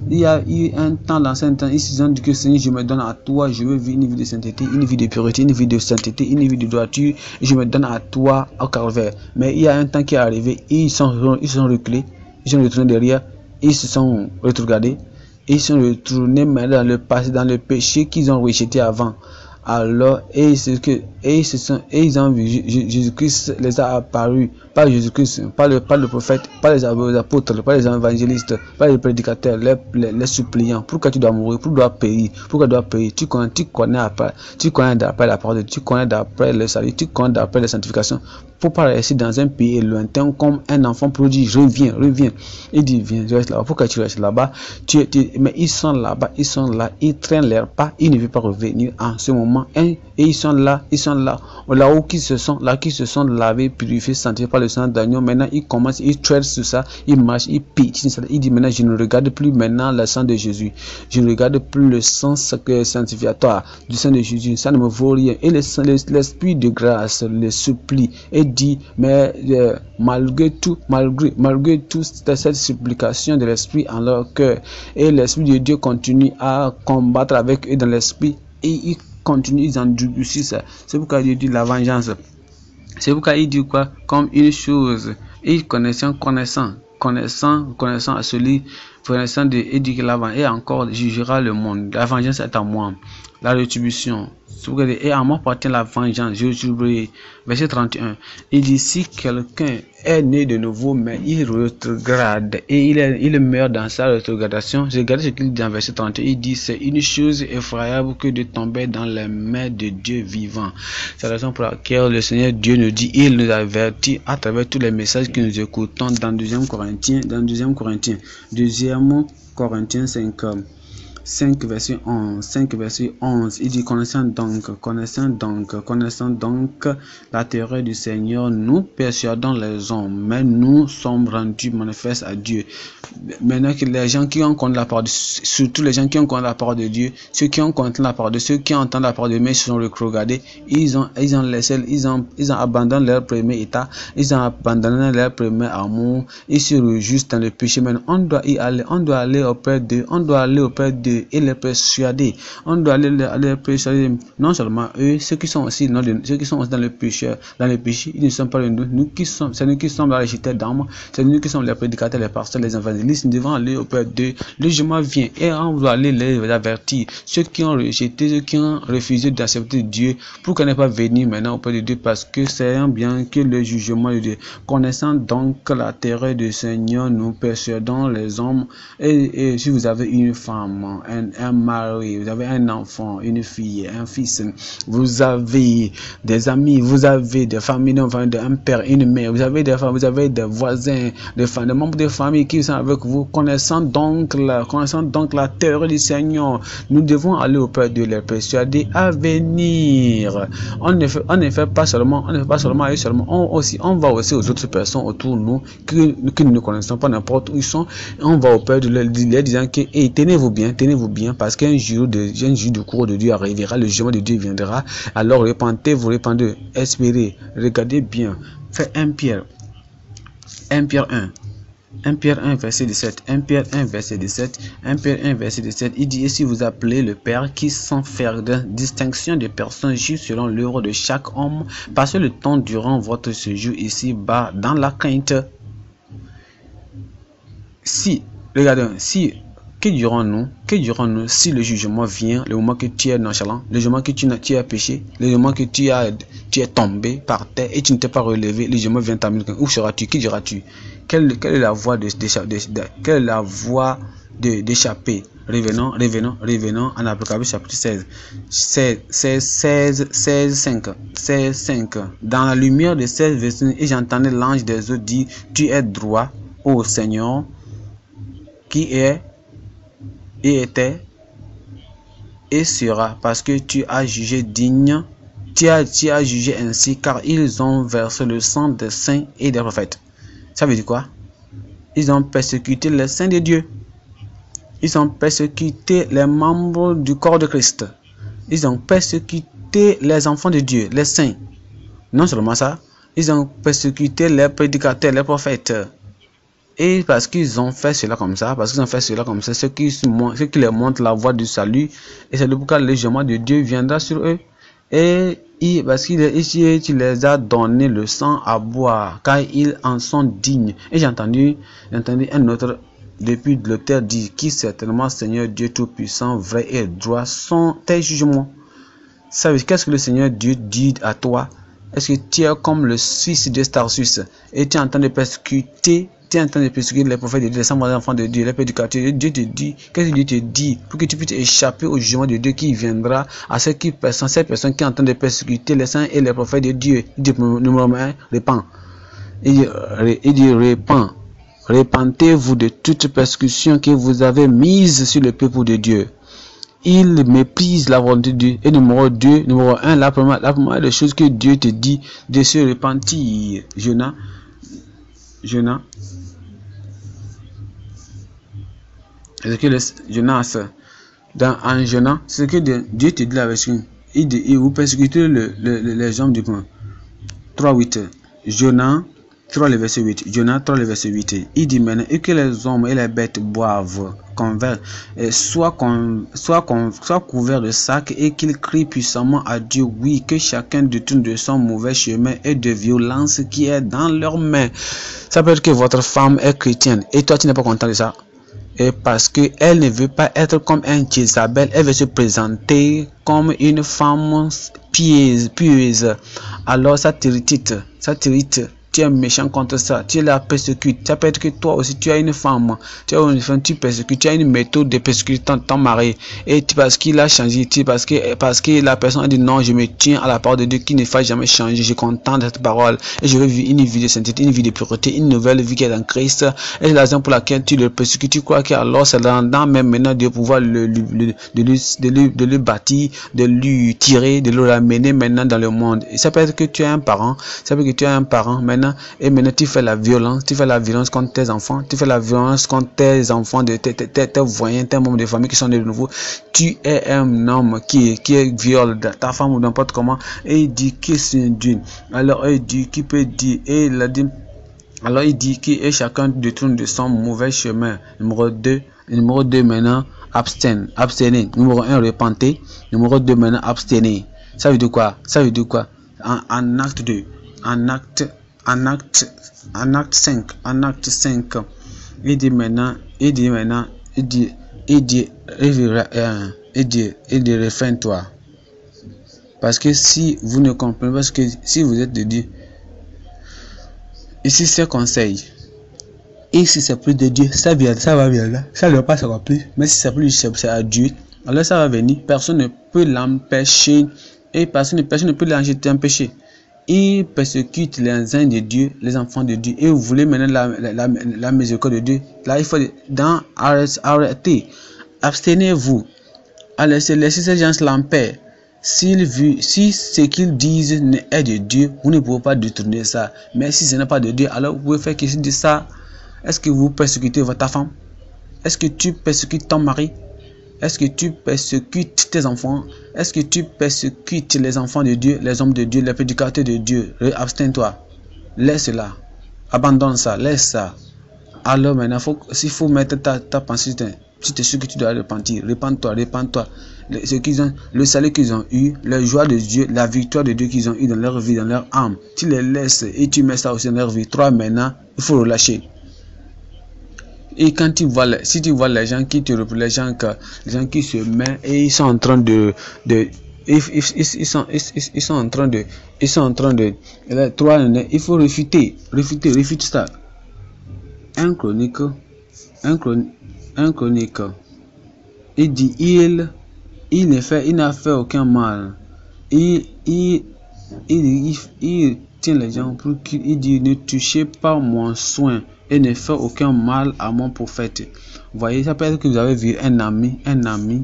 Il y a eu un temps, l'ancien temps, ils se sont dit que Seigneur, je me donne à toi, je veux vivre une vie de sainteté, une vie de pureté, une vie de sainteté, une vie de droiture, je me donne à toi au calvaire. Mais il y a un temps qui est arrivé, ils sont, ils sont reculés, ils sont retournés derrière, ils se sont retrouvés ils sont retournés mais dans le passé, dans le péché qu'ils ont rejeté avant. Alors, et, ce que, et, ce sont, et ils ont vu, Jésus-Christ les a apparus pas Jésus-Christ, pas le, pas le prophète, pas les apôtres, pas les évangélistes, pas les prédicateurs, les, les, suppliants. Pourquoi tu dois mourir Pourquoi tu dois payer Pourquoi tu dois payer Tu connais, tu connais après, tu connais d'après la parole, tu connais d'après le salut, tu connais d'après la sanctification. Pour pas rester dans un pays lointain comme un enfant produit, reviens, reviens. Il dit, viens, je reste là Pourquoi tu restes là-bas tu, Mais ils sont là-bas, ils sont là, ils traînent leurs pas, ils ne veulent pas revenir en ce moment. Hein. Et ils sont là, ils sont là. Là où qui se sont, là qui se sont lavés, purifiés, sanctifiés par les sang d'agneau. Maintenant, il commence, il traite sur ça, il marche, il pitch Il dit maintenant, je ne regarde plus maintenant le sang de Jésus. Je ne regarde plus le sang euh, sanctificatoire du sang de Jésus. Ça ne me vaut rien. Et l'esprit de grâce le supplie et dit, mais euh, malgré tout, malgré, malgré tout, cette supplication de l'esprit en leur cœur. Et l'esprit de Dieu continue à combattre avec et dans l'esprit et il continue, ils ça C'est pourquoi Dieu dit la vengeance. C'est pourquoi il dit quoi Comme une chose. Il connaissant, connaissant, connaissant, connaissant à celui, connaissant de, éduquer l'avant, et encore jugera le monde. La vengeance est à moi. La rétribution et à moi appartient la vengeance, Josué, verset 31. Il dit, si quelqu'un est né de nouveau, mais il retrograde et il, il meurt dans sa rétrogradation, regardez ce qu'il dit dans verset 31. Il dit, c'est une chose effroyable que de tomber dans les mains de Dieu vivant. C'est la raison pour laquelle le Seigneur Dieu nous dit, il nous avertit à travers tous les messages que nous écoutons dans 2 Corinthiens, dans 2 Corinthiens, 2 Corinthiens 5. 5, verset 11. 5, verset 11. Il dit, connaissant donc, connaissant donc, connaissant donc la terreur du Seigneur, nous persuadons les hommes, mais nous sommes rendus manifestes à Dieu. Maintenant que les gens qui ont contre la parole, surtout les gens qui ont contre la parole de Dieu, ceux qui ont contre la parole de ceux qui entendent la parole de Dieu, mais se sont regardés, ils ont, ils ont laissé, ils ont, ils ont abandonné leur premier état, ils ont abandonné leur premier amour, ils se juste dans le péché. Mais on doit y aller, on doit aller auprès de on doit aller auprès d'eux et les persuader. On doit aller les persuader non seulement eux, ceux qui sont aussi dans le, ceux qui sont dans le péché, dans le péché, ils ne sont pas les nous. Nous qui sommes, c'est nous qui sommes les réalité d'âme, c'est nous qui sommes les prédicateurs, les pasteurs, les évangélistes. Nous devons aller auprès d'eux. Le jugement vient et on doit aller les avertir. Ceux qui ont rejeté, ceux qui ont refusé d'accepter Dieu, pour qu'on n'ait pas venir maintenant auprès de Dieu parce que c'est un bien que le jugement de Dieu. Connaissant donc la terreur du Seigneur, nous persuadons les hommes et si vous avez une femme un, mari, vous avez un enfant, une fille, un fils, vous avez des amis, vous avez des familles, un père, une mère, vous avez des vous avez des voisins, des, membres de famille qui sont avec vous, connaissant donc la, connaissant donc la terre du Seigneur. Nous devons aller auprès de les persuader à venir. On ne fait, pas seulement, on ne fait pas seulement, seulement, on aussi, on va aussi aux autres personnes autour de nous qui, nous ne connaissons pas n'importe où ils sont. On va auprès de leur, disant que, tenez-vous bien, tenez vous bien parce qu'un jour de, un jour de cours de Dieu arrivera, le jour de Dieu viendra. Alors repentez-vous, répandez, espérez, regardez bien. Fait un Pierre, un Pierre 1. un Pierre 1 verset 17, un Pierre 1 verset 17, un Pierre 1 verset 17, il dit, et si vous appelez le Père qui sans faire de distinction des personnes juives selon l'heure de chaque homme, passez le temps durant votre séjour ici-bas dans la crainte. Si, regardez, si que dirons-nous Que dirons-nous si le jugement vient, le moment que tu es nonchalant, le moment que tu, tu as péché, le moment que tu, as, tu es tombé par terre et tu ne t'es pas relevé, le jugement vient t'amener. Où seras-tu qui diras-tu quelle, quelle, est la voie de, de, de, quelle d'échapper Revenons, revenons, revenons en Apocalypse chapitre 16. 16, 16, 16, 16, 5, 16, 5. Dans la lumière de 16 versets, et j'entendais l'ange des eaux dire, tu es droit, ô Seigneur, qui est et était et sera, parce que tu as jugé digne, tu as, tu as jugé ainsi, car ils ont versé le sang des saints et des prophètes. Ça veut dire quoi Ils ont persécuté les saints de Dieu. Ils ont persécuté les membres du corps de Christ. Ils ont persécuté les enfants de Dieu, les saints. Non seulement ça, ils ont persécuté les prédicateurs, les prophètes. Et parce qu'ils ont fait cela comme ça, parce qu'ils ont fait cela comme ça, ce qui, ce qui leur montre la voie du salut, et c'est le pourquoi le jugement de Dieu viendra sur eux. Et parce qu'il ici, tu les a donné le sang à boire, car ils en sont dignes. Et j'ai entendu, entendu un autre depuis l'auteur dit qui certainement Seigneur Dieu Tout-Puissant, vrai et droit sont tes jugements. Savez, qu'est-ce que le Seigneur Dieu dit à toi Est-ce que tu es comme le Suisse de Star Suisse et tu es en train de persécuter tu es en train de persécuter les prophètes de Dieu, les saints enfants de Dieu, les pères du quartier. Dieu te dit, qu'est-ce que Dieu te dit pour que tu puisses échapper au jugement de Dieu qui viendra à ces personnes, qui sont en train de persécuter les saints et les prophètes de Dieu. Il numéro un, répand. Il, dit, répand. Répentez-vous de toute persécution que vous avez mise sur le peuple de Dieu. Il méprise la volonté de Dieu. Et numéro deux, numéro un, la première, la première des choses que Dieu te dit de se repentir, je Jonas ce que Jonas, dans, en jeûnant, ce que Dieu te dit la version. Il dit, et vous persécutez le, le, les hommes du point. 3,8 8. Jonas 3, le verset 8. Jonas 3, le verset 8. Il dit maintenant, et que les hommes et les bêtes boivent, convertent, et soit con, soit con, soit couverts de sacs, et qu'ils crient puissamment à Dieu, oui, que chacun détourne de son mauvais chemin et de violence qui est dans leurs mains. Ça peut être que votre femme est chrétienne, et toi tu n'es pas content de ça et parce qu'elle ne veut pas être comme un Jézabel, elle veut se présenter comme une femme pieuse. pieuse. Alors ça t'irrite, ça t'irrite tu es méchant contre ça, tu la persécute Ça peut être que toi aussi, tu as une femme, tu as une femme, tu persécutes, tu as une méthode de persécuter ton, mari. Et tu, parce qu'il a changé, tu, parce, que, parce que la personne a dit non, je me tiens à la parole de Dieu qui ne fasse jamais changer. Je de cette parole et je veux vivre une vie de sainteté, une vie de pureté, une nouvelle vie qui est en Christ. Et la raison pour laquelle tu le persécutes. Tu crois qu'alors c'est dans même maintenant de pouvoir le, le, de, lui, de, lui, bâtir, de lui tirer, de le ramener maintenant dans le monde. Et ça peut être que tu as un parent, ça peut être que tu as un parent maintenant et maintenant tu fais la violence, tu fais la violence contre tes enfants, tu fais la violence contre tes enfants, de tes, tes, tes, tes voyants, tes membres de famille qui sont de nouveau. Tu es un homme qui, qui viole ta femme ou n'importe comment et il dit que c'est d'une. Alors il dit qui peut dire et il a dit alors il dit qui est chacun détourne de son mauvais chemin. Numéro 2, numéro 2 maintenant abstain, abstenir. Numéro 1 repentir, numéro 2 maintenant abstenir. Ça veut dire quoi Ça veut dire quoi un acte 2, un acte en acte, en acte 5, en acte 5, il dit maintenant, il dit maintenant, il dit, il dit, il dit, euh, il dit, il dit, toi Parce que si vous ne comprenez pas, parce que si vous êtes de Dieu, ici c'est conseil. Et si c'est plus de Dieu, ça vient, ça va bien là. Ça ne va pas s'accomplir. Mais si c'est plus c'est à Dieu, alors ça va venir. Personne ne peut l'empêcher. Et personne, personne ne peut l'empêcher. Ils persécutent les uns de Dieu, les enfants de Dieu. Et vous voulez maintenant la, la, la, de Dieu. Là, il faut dans arrêter. Abstenez-vous. à laisser ces gens-là en paix. si ce qu'ils disent est de Dieu, vous ne pouvez pas détourner ça. Mais si ce n'est pas de Dieu, alors vous pouvez faire question de ça. Est-ce que vous persécutez votre femme Est-ce que tu persécutes ton mari est-ce que tu persécutes tes enfants Est-ce que tu persécutes les enfants de Dieu, les hommes de Dieu, les prédicateurs de Dieu Abstiens-toi. Laisse cela. Abandonne ça. Laisse ça. Alors maintenant, s'il faut mettre ta, pensée, si tu es sûr que tu dois repentir, repends-toi, repends-toi. Ce qu'ils ont, le salut qu'ils ont eu, la joie de Dieu, la victoire de Dieu qu'ils ont eu dans leur vie, dans leur âme, tu les laisses et tu mets ça aussi dans leur vie. Trois maintenant, il faut relâcher. Et quand tu vois, si tu vois les gens qui te les gens, que, les gens qui se mettent et ils sont en train de, de ils, ils, ils, sont, ils, sont, en train de, ils sont en train de, là, trois, il faut réfuter, réfuter, réfute ça. Un chronique, un chronique, un chronique, il dit il, il n'a fait, il n'a fait aucun mal. Il, il, il, il, tient les gens pour qu'il dit ne touchez pas mon soin et ne fait aucun mal à mon prophète. Vous voyez, ça peut être que vous avez vu un ami, un ami,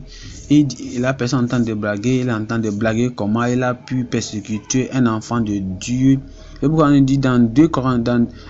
il la personne entend de blaguer, il entend de blaguer comment il a pu persécuter un enfant de Dieu. Et pourquoi on dit dans 2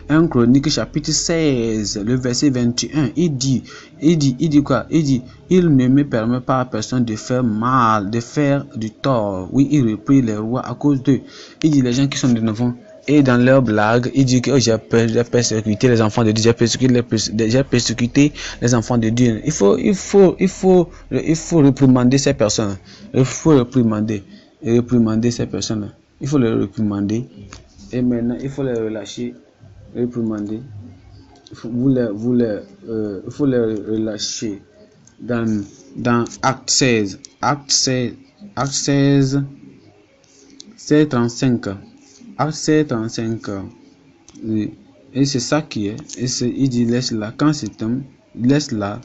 1 Chronique chapitre 16, le verset 21, il dit, il dit, il dit quoi Il dit, il ne me permet pas à personne de faire mal, de faire du tort. Oui, il reprit les rois à cause d'eux. Il dit, les gens qui sont de nouveau et dans leur blague, ils disent que oh, j'ai persécuté les enfants de Dieu, j'ai persécuté, persécuté les, enfants de Dieu. Il faut, il faut, il faut, il faut réprimander ces personnes. Il faut réprimander, réprimander ces personnes. Il faut les réprimander. Et maintenant, il faut les relâcher, réprimander. Il faut, vous les, vous les, euh, les relâcher. Dans, dans Acte 16, Acte 16, Acte 16, 16, 35 à 7 ans, 5 Et c'est ça qui est. Et est, il dit laisse-la. Quand c'est un, laisse-la.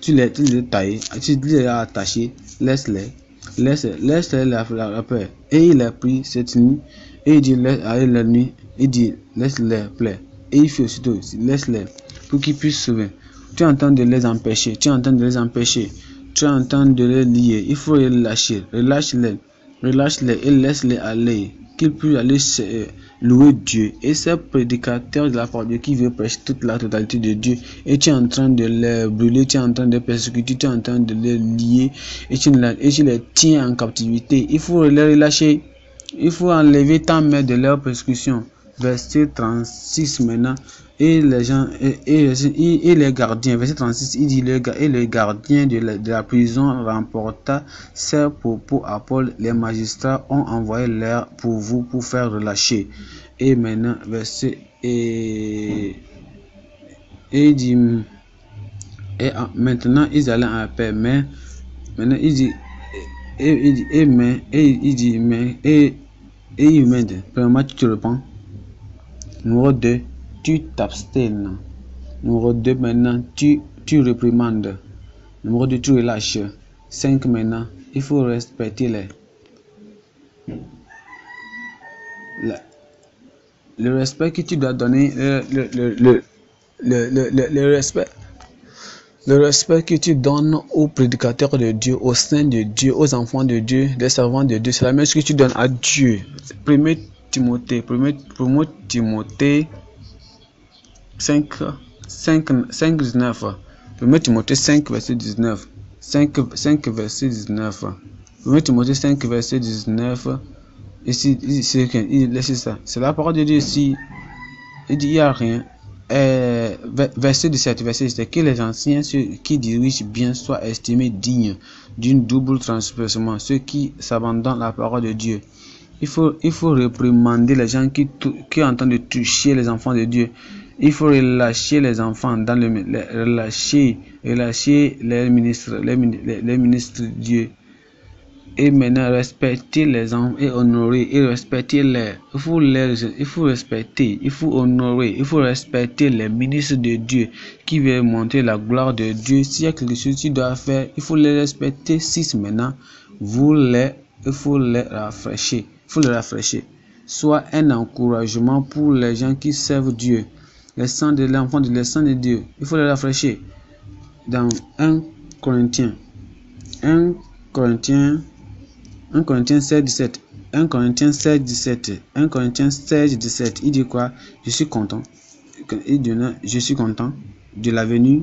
Tu les, tu les tailles, tu les as attachés, laisse-les. Laisse-les laisse la, la, la Et il a pris cette nuit. Et il dit laisse la nuit. Il dit laisse-les plaît Et il fait aussi laisse-les pour qu'ils puissent sauver. Tu entends de les empêcher. Tu entends de les empêcher. Tu entends de les lier. Il faut les lâcher. Relâche-les. Relâche-les et laisse-les aller plus puisse aller louer Dieu. Et ces prédicateurs de la parole de qui veut prêcher toute la totalité de Dieu, et tu es en train de les brûler, tu es en train de persécuter, tu es en train de les lier, et tu, les tiens en captivité. Il faut les relâcher, il faut enlever tant main de leur persécution. Verset 36 maintenant. Et les gens, et, et, et les gardiens, verset 36, il dit, le, et les gardiens de la, prison remporta ses propos à Paul. Les magistrats ont envoyé l'air pour vous pour faire relâcher. Et maintenant, verset, et, et il dit, et maintenant ils allaient en paix, mais maintenant il dit, et il dit, mais, et il dit, mais, et, et il dit, premièrement tu te Numéro 2, tu t'abstènes. Numéro 2, maintenant, tu, tu réprimandes. Numéro 2, tu relâches. 5 maintenant, il faut respecter les. le respect que tu dois donner, euh, le, le, respect. Le respect que tu donnes aux prédicateurs de Dieu, au saints de Dieu, aux enfants de Dieu, des servants de Dieu, c'est la même chose que tu donnes à Dieu. 1 Timothée, 1 Timothée 5, 5, 5, 19. 1 Timothée 5, verset 19. 5, 5, verset 19. 1 Timothée 5, verset 19. c'est ça. C'est la parole de Dieu ici. Il dit, n'y a rien. Euh, verset 17, verset 17, que les anciens, ceux qui dirigent bien, soient estimés dignes d'une double transversement, ceux qui s'abandonnent à la parole de Dieu. Il faut, il faut réprimander les gens qui, qui entendent toucher les enfants de Dieu. Il faut relâcher les enfants dans le relâcher, relâcher les ministres, les, les, Dieu. Et maintenant, respecter les hommes et honorer et respecter les. Il faut les, il faut respecter, il faut honorer, il faut respecter les ministres de Dieu qui veulent montrer la gloire de Dieu. S'il y a quelque chose faire, il faut les respecter. si maintenant, vous les, il faut les rafraîchir, il faut les rafraîchir. Soit un encouragement pour les gens qui servent Dieu le sang de l'enfant, le sang de Dieu. Il faut le rafraîchir dans 1 Corinthiens. 1 Corinthiens 1 Corinthiens 16, 17. 1 Corinthiens 16, 17. 1 Corinthiens 16, 17. Il dit quoi Je suis content. Il dit, je suis content de la venue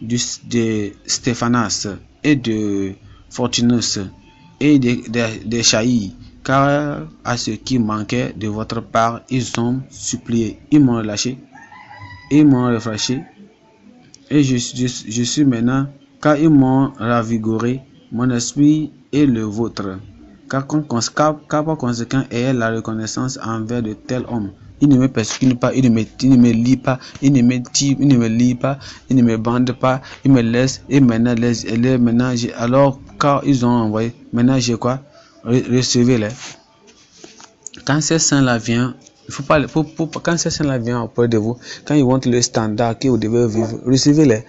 de, de Stéphanas et de Fortunus et des de, car à ce qui manquait de votre part, ils ont supplié, ils m'ont relâché ils m'ont rafraîchi et je, je, suis maintenant, car ils m'ont ravigoré, mon esprit et le vôtre. Car, car, car par conséquent, ayez la reconnaissance envers de tels hommes. Il ne me persécute pas, Il ne me, lit ne me lient pas, Il ne me tirent, ne me lient pas, Il ne me bande pas, Il me laisse. et maintenant, les, les, maintenant alors, car ils ont envoyé, maintenant j'ai quoi Recevez-les. Quand ces saints-là viennent il faut pas, faut, faut, quand ces scènes-là viennent auprès de vous, quand ils vont le standard que vous devez vivre, recevez-les.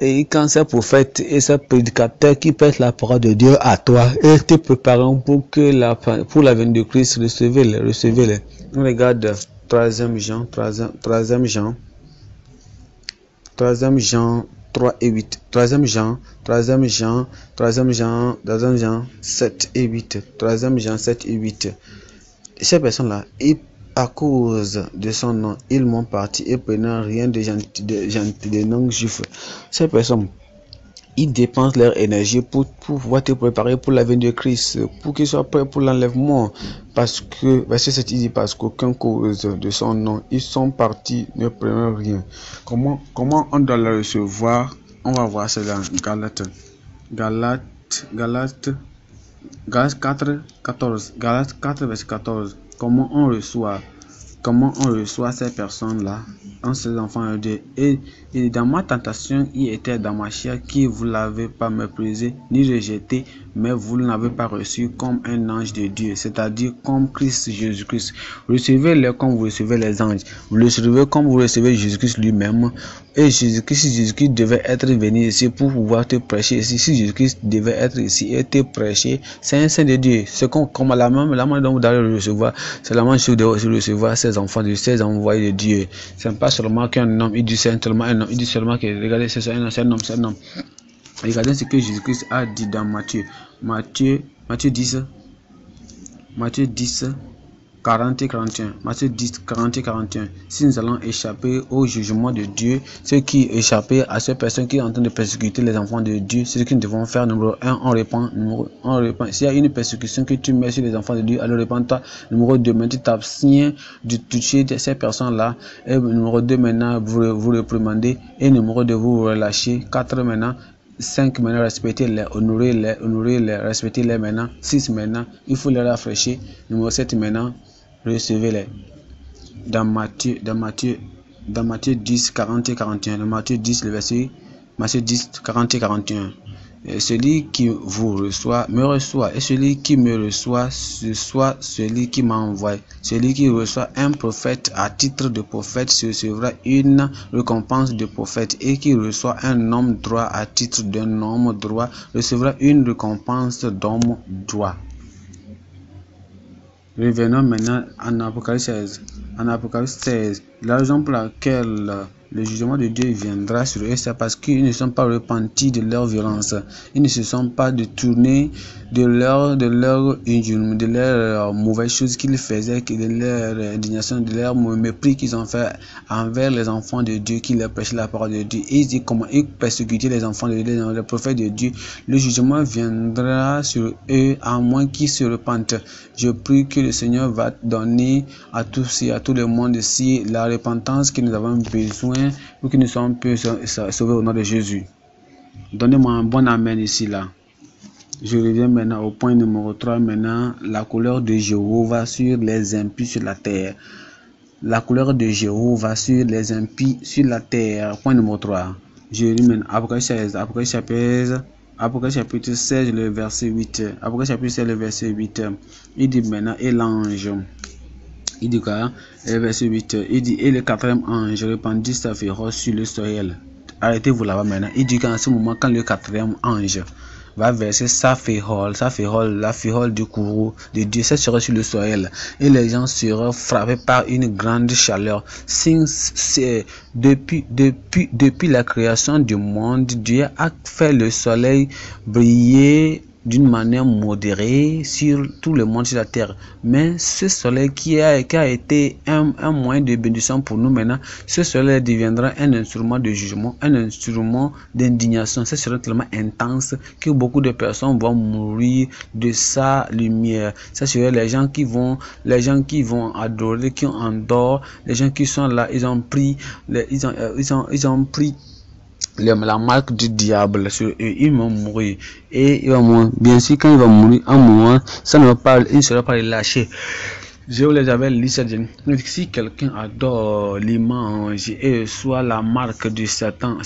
Et quand ces prophètes et ces prédicateurs qui prêtent la parole de Dieu à toi, et te préparant pour que la, pour la venue de Christ, recevez-les, recevez-les. On regarde 3e Jean, 3e, 3e Jean, 3e Jean 3 et 8. 3e Jean, 3e Jean, 3e Jean, 3e Jean 7 et 8. 3e Jean 7 et 8. Ces personnes-là, ils à cause de son nom, ils m'ont parti et prenant rien de gentil de, gentil de noms juif Ces personnes ils dépensent leur énergie pour, pour, pouvoir te préparer pour la venue de Christ, pour qu'ils soient prêts pour l'enlèvement. Parce que, voici ce qui dit, parce qu'aucun cause de son nom, ils sont partis, ne prenant rien. Comment, comment on doit le recevoir On va voir cela Galates, Galate. Galate, Galate, Galate 4, 14. Galate 4, 14 comment on reçoit, comment on reçoit ces personnes-là, en ces enfants de Et et dans ma tentation, il était dans ma chair qui vous l'avez pas méprisé ni rejeté, mais vous ne l'avez pas reçu comme un ange de Dieu, c'est-à-dire comme Christ Jésus-Christ. Recevez-le comme vous recevez les anges. Vous le recevez comme vous recevez Jésus-Christ lui-même. Et Jésus-Christ, Jésus-Christ devait être venu ici pour pouvoir te prêcher Si Jésus-Christ devait être ici et te prêcher, c'est un saint de Dieu. C'est comme, comme la même, la main dont vous allez recevoir, c'est la main de recevoir ses enfants, de ses envoyés de Dieu. c'est pas seulement qu'un homme, il dit seulement un il dit seulement que, regardez, c'est un homme, c'est un homme, c'est un homme. Regardez ce que Jésus-Christ a dit dans Matthieu. Matthieu, Matthieu 10. Matthieu 10. 40 et 41. Matthieu 10, 40 et 41. Si nous allons échapper au jugement de Dieu, ceux qui échappaient à ces personnes qui sont en train de persécuter les enfants de Dieu, c'est ce que nous devons faire. Numéro 1, on répand. Numéro on répand. S'il y a une persécution que tu mets sur les enfants de Dieu, alors répands-toi. Numéro 2, maintenant tu t'abstiens de toucher ces personnes-là. Et numéro 2, maintenant vous, vous reprimandez. Et numéro 2, vous vous relâchez. 4 maintenant, 5 maintenant, respectez-les, honorez-les, honorez-les, respectez-les maintenant. 6 maintenant, il faut les rafraîchir. Numéro 7 maintenant, recevez-les. Dans Matthieu, dans Matthieu, dans Matthieu 10, 40 et 41. Matthieu 10, le verset Matthieu 10, 40 et 41. Et celui qui vous reçoit me reçoit, et celui qui me reçoit, ce soit celui qui m'envoie. Celui qui reçoit un prophète à titre de prophète recevra une récompense de prophète, et qui reçoit un homme droit à titre d'un homme droit recevra une récompense d'homme droit. Revenons maintenant en Apocalypse 16. En Apocalypse 16, la raison pour laquelle le jugement de Dieu viendra sur eux, c'est parce qu'ils ne sont pas repentis de leur violence. Ils ne se sont pas détournés de leur, de leur, de leur euh, mauvaise chose qu'ils faisaient, de leur indignation, de leur mépris qu'ils ont fait envers les enfants de Dieu qui leur prêchaient la parole de Dieu. Ils ils, comment ils persécutaient les enfants de Dieu, les prophètes de Dieu. Le jugement viendra sur eux, à moins qu'ils se repentent. Je prie que le Seigneur va donner à tous et à tout le monde ici la repentance que nous avons besoin nous pour que nous soyons sauvés au nom de Jésus. Donnez-moi un bon Amen ici, là. Je reviens maintenant au point numéro 3, maintenant, la couleur de Jéhovah sur les impies sur la terre. La couleur de Jéhovah sur les impies sur la terre. Point numéro 3. Je lis maintenant Apocalypse 16, chapitre, Apocalypse chapitre 16, le verset 8. Apocalypse chapitre 16, le verset 8. Il dit maintenant, et l'ange et verset 8, il dit Et le quatrième ange répandit sa féroce sur le soleil. Arrêtez-vous là-bas maintenant. Il dit qu'en ce moment, quand le quatrième ange va verser sa férole, sa férole, la férole du courroux de Dieu, ça sera sur le soleil. Et les gens seront frappés par une grande chaleur. c'est depuis, depuis, depuis la création du monde, Dieu a fait le soleil briller d'une manière modérée sur tout le monde de la terre. Mais ce soleil qui a, qui a été un, un, moyen de bénédiction pour nous maintenant, ce soleil deviendra un instrument de jugement, un instrument d'indignation. Ce sera tellement intense que beaucoup de personnes vont mourir de sa lumière. Ce sera les gens qui vont, les gens qui vont adorer, qui ont endort, les gens qui sont là, ils ont pris, ils ont, euh, ils ont, ils ont pris la marque du diable sur eux, ils vont mourir. Et ils vont mourir. Bien sûr, quand ils vont mourir, un moment, ça ne va pas, ils ne seront pas relâché Je les avais lu cette Si quelqu'un adore l'image et soit la marque du Satan,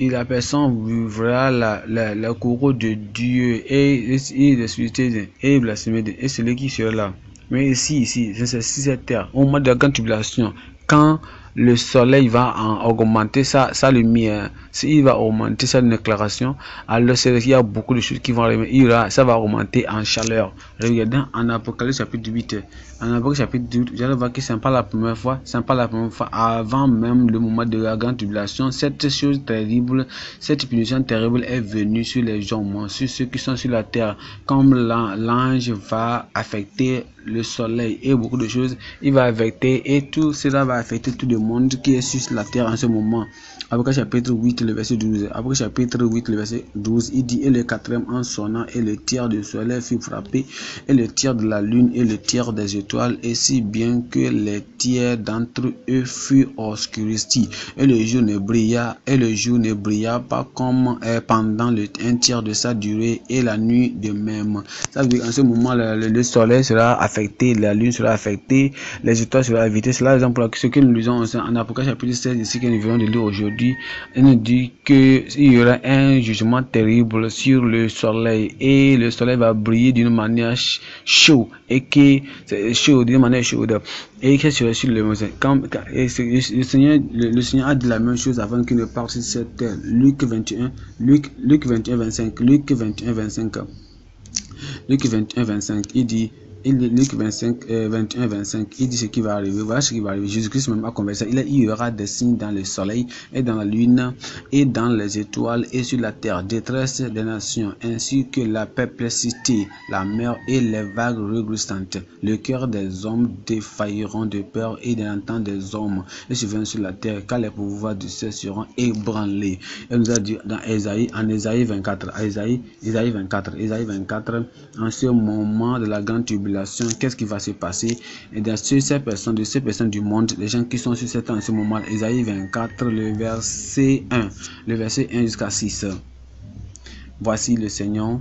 la personne vivra la, la, de Dieu et il est et blasphémé et celui qui sera là. Mais ici, ici, c'est cette terre, au moment de la grande tribulation, quand le soleil va en augmenter sa, lumière. S'il va augmenter sa déclaration, alors il y a beaucoup de choses qui vont arriver. ça va augmenter en chaleur. Regardez en Apocalypse chapitre 8. En Apocalypse chapitre 8, vous allez voir que ce pas la première fois. Ce n'est pas la première fois. Avant même le moment de la grande tribulation, cette chose terrible, cette punition terrible est venue sur les gens, sur ceux qui sont sur la terre. Comme l'ange va affecter le soleil et beaucoup de choses. Il va affecter et tout cela va affecter tout le monde qui est sur la terre en ce moment. Apocalypse chapitre 8, le verset 12. Après chapitre 8, le verset 12, il dit, et le quatrième en sonnant, et le tiers du soleil fut frappé, et le tiers de la lune, et le tiers des étoiles, et si bien que les tiers d'entre eux furent obscurcis. Et le jour ne brilla, et le jour ne brilla pas comme euh, pendant le, un tiers de sa durée, et la nuit de même. Ça veut dire qu'en ce moment, le, soleil sera affecté, la lune sera affectée, les étoiles seront évitées. Cela, exemple, ce que nous lisons en Apocalypse chapitre 16, ici que nous venons de lire aujourd'hui elle nous dit qu'il y aura un jugement terrible sur le soleil et le soleil va briller d'une manière chaude et que c'est chaud d'une manière chaude et que sur le Quand, et le, Seigneur, le, Seigneur a dit la même chose avant qu'il ne parte sur cette terre. Luc 21, Luc, Luc 21, 25, Luc 21, 25. Luc 21, 25, il dit il 21, 25. Euh, il dit ce qui va arriver. Voilà ce qui va arriver. Jésus-Christ même a conversé. Il, y aura des signes dans le soleil et dans la lune et dans les étoiles et sur la terre. Détresse des nations ainsi que la perplexité, la mer et les vagues rugissantes. Le cœur des hommes défailliront de peur et de des hommes et sur la terre car les pouvoirs du ciel seront ébranlés. Elle nous a dit dans Esaïe, en Esaïe 24, Esaïe, 24, Esaïe 24, en ce moment de la grande tribulation, qu'est-ce qui va se passer Et de ces personnes, de ces personnes du monde, les gens qui sont sur cette en ce moment, Esaïe 24, le verset 1, le verset 1 jusqu'à 6. Voici le Seigneur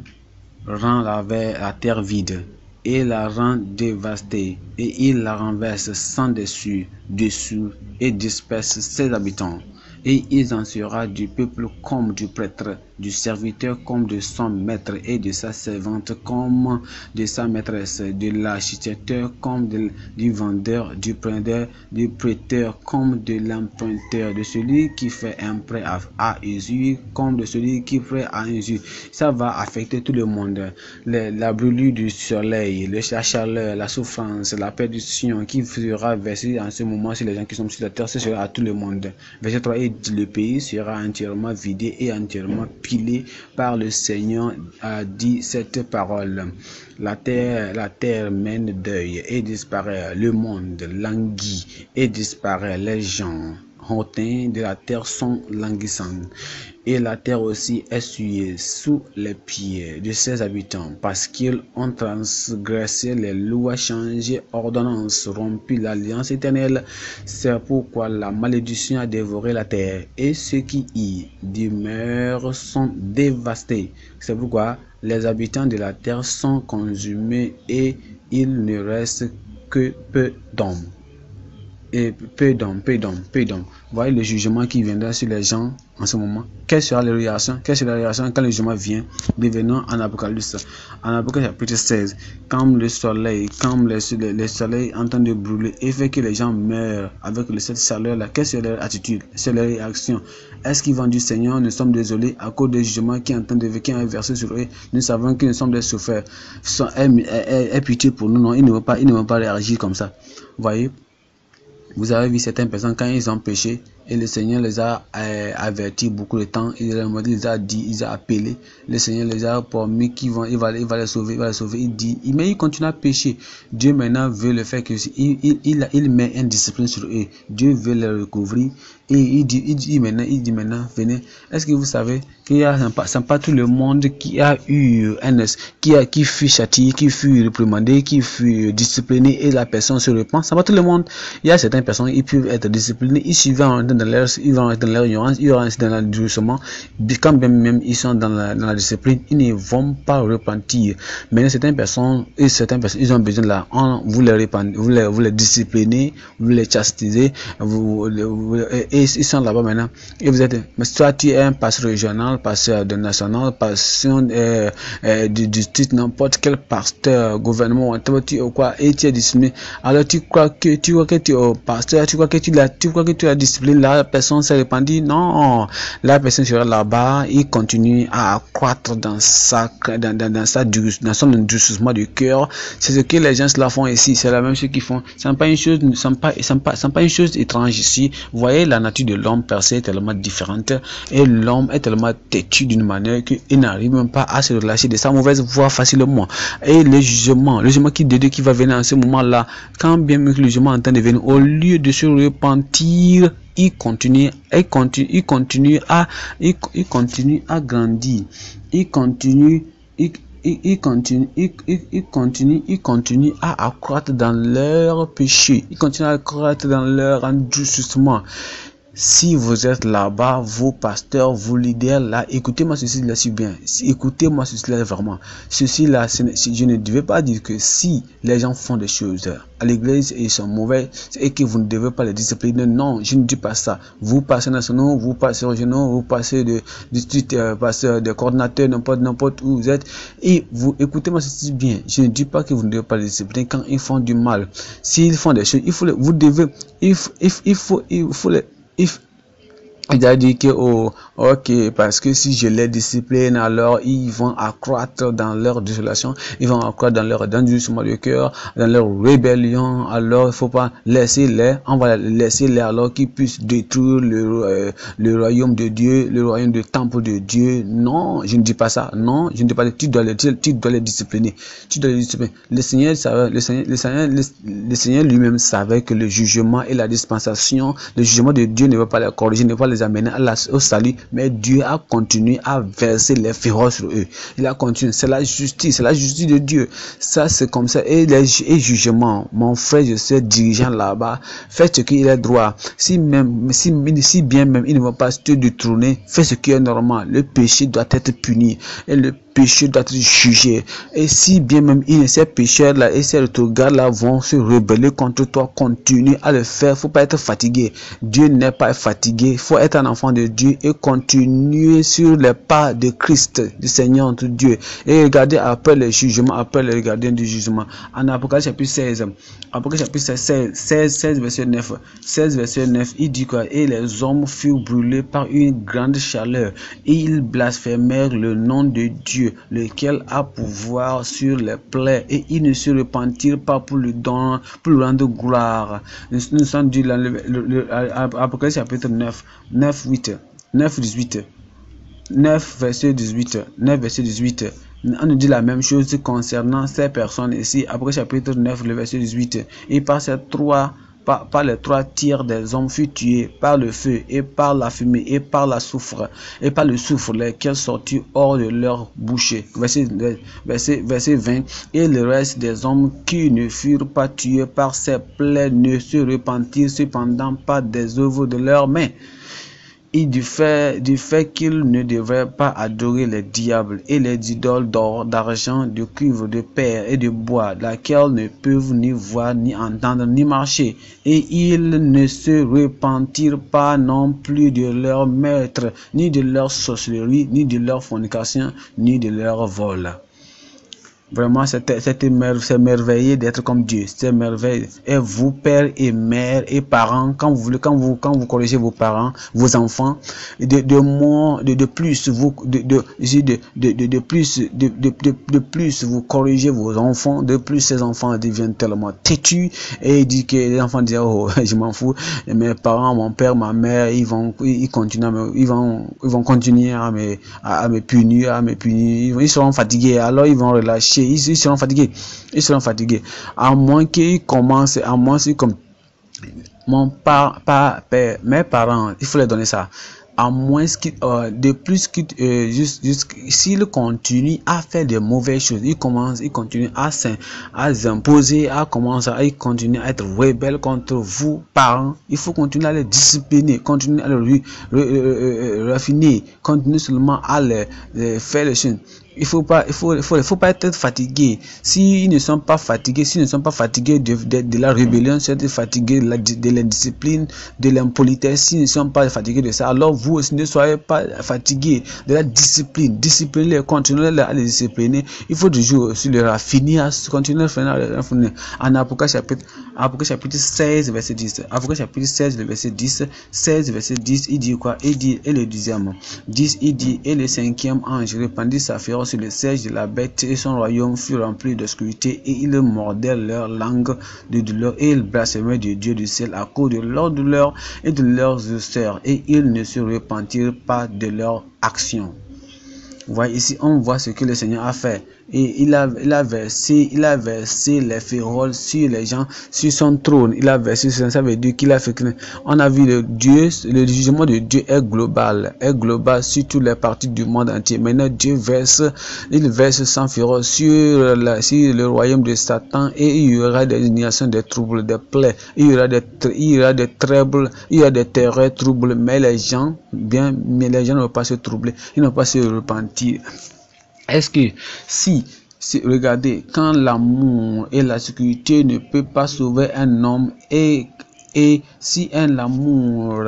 rend la, la terre vide et la rend dévastée, et il la renverse sans dessus, dessus, et disperse ses habitants et il en sera du peuple comme du prêtre, du serviteur comme de son maître et de sa servante comme de sa maîtresse, de l'architecteur comme du vendeur, du prêteur, du prêteur comme de l'emprunteur, de celui qui fait un prêt à, à, comme de celui qui prête à usure. Ça va affecter tout le monde. la brûlure du soleil, le, la chaleur, la souffrance, la perdition qui sera versée en ce moment sur les gens qui sont sur la terre, ce sera à tout le monde. Verset 3 et le pays sera entièrement vidé et entièrement pilé par le Seigneur, a dit cette parole. La terre, la terre mène deuil et disparaît, le monde languit et disparaît, les gens hautain de la terre sont languissants, et la terre aussi est sous les pieds de ses habitants, parce qu'ils ont transgressé les lois, changé ordonnances, rompu l'alliance éternelle. C'est pourquoi la malédiction a dévoré la terre, et ceux qui y demeurent sont dévastés. C'est pourquoi les habitants de la terre sont consumés, et il ne reste que peu d'hommes et pédon, pédon, pédon. Voyez le jugement qui viendra sur les gens en ce moment. Quelle sera la réaction Quelle sera la réaction quand le jugement vient Devenant en Apocalypse. En Apocalypse chapitre 16, quand le soleil, quand le, soleil en train de brûler et fait que les gens meurent avec cette chaleur-là, quelle sera leur attitude C'est leur réaction. Est-ce qu'ils vont du Seigneur Nous sommes désolés à cause du jugement qui est en train de qui est sur eux. Nous savons qu'ils sont sommes des Ils sont pitié pour nous. Non, ils ne vont pas, ils ne vont pas réagir comme ça. Voyez vous avez vu certains personnes, quand ils ont péché, et le Seigneur les a averti euh, avertis beaucoup de temps, il les a dit, il a appelé. le Seigneur les a promis qu'il va, il va, les sauver, il va les sauver, il dit, mais ils continuent à pécher. Dieu maintenant veut le faire que il, il, il met une discipline sur eux. Dieu veut les recouvrir, il, dit, maintenant, il dit maintenant, venez, est-ce que vous savez qu'il y a pas pas tout le monde qui a eu un qui a qui fut châtié, qui fut réprimandé, qui fut discipliné et la personne se repent. ça pas tout le monde. Il y a certaines personnes qui peuvent être disciplinées, ils vont dans ils vont dans leur ignorance, ils vont dans l'endurcissement. Quand même, même ils sont dans la, discipline, ils ne vont pas repentir. Mais certaines personnes et certaines personnes, ils ont besoin de la vous les répandez, vous les vous les disciplinez, vous les chastisez, vous et, ils sont là-bas maintenant. Et vous êtes, mais soit tu es un pasteur régional, pasteur de national, pasteur euh, euh, du, du, titre, n'importe quel pasteur, gouvernement, tu ou quoi, et tu es discipliné. Alors tu crois que tu crois que tu es au pasteur, tu crois que tu l'as, tu crois que tu as discipliné, la personne s'est répandue. Non, la personne sera là-bas, il continue à croître dans sa, dans, dans, sa, dans son doucement du cœur. C'est ce que les gens là font ici, c'est la même chose qu'ils font. c'est pas une chose, c'est pas, pas une chose étrange ici. Vous voyez la nature de l'homme percé est tellement différente et l'homme est tellement têtu d'une manière qu'il n'arrive même pas à se relâcher de sa mauvaise voie facilement. Et le jugement, le jugement qui de qui va venir en ce moment-là, quand bien mieux le jugement en train de venir, au lieu de se repentir, il continue, il continue, il continue à, il, continue à grandir, il continue, il, continue il il continue, il continue à accroître dans leur péché. il continue à accroître dans leur endurcissement. Si vous êtes là-bas, vos pasteurs, vos leaders, là, écoutez-moi ceci, là, si bien. Écoutez-moi ceci, là, vraiment. Ceci, là, je ne devais pas dire que si les gens font des choses à l'église et ils sont mauvais et que vous ne devez pas les discipliner. Non, je ne dis pas ça. Vous, passez nationaux, vous, pasteurs régionaux, vous, passez de district, euh, pasteurs, de coordinateurs, n'importe, n'importe où vous êtes. Et vous, écoutez-moi ceci bien. Je ne dis pas que vous ne devez pas les discipliner quand ils font du mal. S'ils font des choses, il faut les, vous devez, il, faut il faut, il faut les, if Il a dit que, oh, ok, parce que si je les discipline, alors ils vont accroître dans leur désolation, ils vont accroître dans leur endurcissement de cœur, dans leur rébellion, alors il faut pas laisser les, on va laisser les alors qu'ils puissent détruire le, euh, le royaume de Dieu, le royaume de temple de Dieu. Non, je ne dis pas ça, non, je ne dis pas, tu dois les, tu, dois les discipliner, tu dois les discipliner. Le Seigneur le Seigneur, le Seigneur, le Seigneur lui-même savait que le jugement et la dispensation, le jugement de Dieu ne va pas les corriger, ne va pas les mener à au salut, mais Dieu a continué à verser les féroces sur eux. Il a continué. C'est la justice, c'est la justice de Dieu. Ça, c'est comme ça. Et les et jugements, mon frère, je sais, dirigeant là-bas, fait ce qu'il est droit. Si même, si, si bien même, il ne va pas se détourner, fait ce qui est normal. Le péché doit être puni. Et le péché doit être jugé. Et si bien même il, ces pécheurs-là et ces retards-là vont se rebeller contre toi, continue à le faire. faut pas être fatigué. Dieu n'est pas fatigué. faut être un enfant de Dieu et continuer sur les pas de Christ, du Seigneur, de Dieu. Et regardez après le jugement, après le gardien du jugement. En Apocalypse chapitre 16, Apocalypse chapitre 16, 16, 16, verset 9, 16 verset 9, il dit quoi Et les hommes furent brûlés par une grande chaleur. Et ils blasphémèrent le nom de Dieu lequel a pouvoir sur les plaies, et il ne se repentir pas pour le don pour le rendre gloire. Nous, sommes dit dans chapitre 9, 9, 8, 9, 18. 9 verset 18, 9 verset 18, on nous dit la même chose concernant ces personnes ici, après chapitre 9, le verset 18. Et par ces trois par, les trois tiers des hommes fut tués par le feu et par la fumée et par la soufre et par le soufre lesquels sortirent hors de leur bouche. Verset, 20. Et le reste des hommes qui ne furent pas tués par ces plaies ne se repentirent cependant pas des œuvres de leurs mains et du fait, du fait qu'ils ne devaient pas adorer les diables et les idoles d'or, d'argent, de cuivre, de pierre et de bois, laquelle ne peuvent ni voir, ni entendre, ni marcher. Et ils ne se repentirent pas non plus de leur maître, ni de leur sorcelleries, ni de leur fornication, ni de leur vol. Vraiment, c'est merveilleux d'être comme Dieu. C'est merveilleux. Et vous, père et mère et parents, quand vous voulez, quand vous, quand vous corrigez vos parents, vos enfants, de, de moins, de, plus, vous, de, de, plus, de, plus, vous corrigez vos enfants, de plus ces enfants deviennent tellement têtus et les enfants disent, oh, [laughs] je m'en fous, mes parents, mon père, ma mère, ils vont, ils, continuent ils vont, ils vont continuer à me, à, à me punir, à me punir, ils seront fatigués, alors ils vont relâcher ils, seront fatigués. Ils seront fatigués. À moins qu'ils commencent, à moins qu'ils comme mon par, mes parents, il faut leur donner ça. À moins qu'ils, de plus qu'ils, juste, juste, s'ils continuent à faire des mauvaises choses, ils commencent, ils continuent à s'imposer, à, commencer, à, continuer à être rebelles contre vous, parents. Il faut continuer à les discipliner, continuer à les raffiner, continuer seulement à les, les faire les choses il faut pas il faut, il faut, faut pas être fatigué s'ils ne sont pas fatigués s'ils ne sont pas fatigués de, de, la rébellion s'ils sont fatigués de, la, de de l'impolitesse s'ils ne sont pas fatigués de ça alors vous aussi ne soyez pas fatigués de la discipline disciplinez continuez à les discipliner il faut toujours aussi le raffiner continuer à raffiner en Apocalypse chapitre Apocalypse chapitre 16 verset 10 Apocalypse chapitre 16 verset 10 16 verset 10 il dit quoi il dit et le deuxième 10 il dit et le cinquième ange répandit sa féroce sur le siège de la bête et son royaume fut rempli d'obscurité et ils mordaient leur langue de douleur et ils blasphémaient de Dieu du ciel à cause de leur douleur et de leurs ulcères et ils ne se repentirent pas de leurs actions. voyez ici, on voit ce que le Seigneur a fait il a, il a versé, il a versé les féroles sur les gens, sur son trône. Il a versé, ça veut dire qu'il a fait. On a vu le Dieu, le jugement de Dieu est global, est global sur toutes les parties du monde entier. Maintenant, Dieu verse, il verse sans férole sur, la, sur le royaume de Satan et il y aura des nations des troubles, des plaies. Il y aura des, il y aura des troubles, il y aura des terreurs, troubles. Mais les gens, bien, mais les gens ne vont pas se troubler, ils ne vont pas se repentir. Est-ce que si, regardez, quand l'amour et la sécurité ne peuvent pas sauver un homme et, et si un amour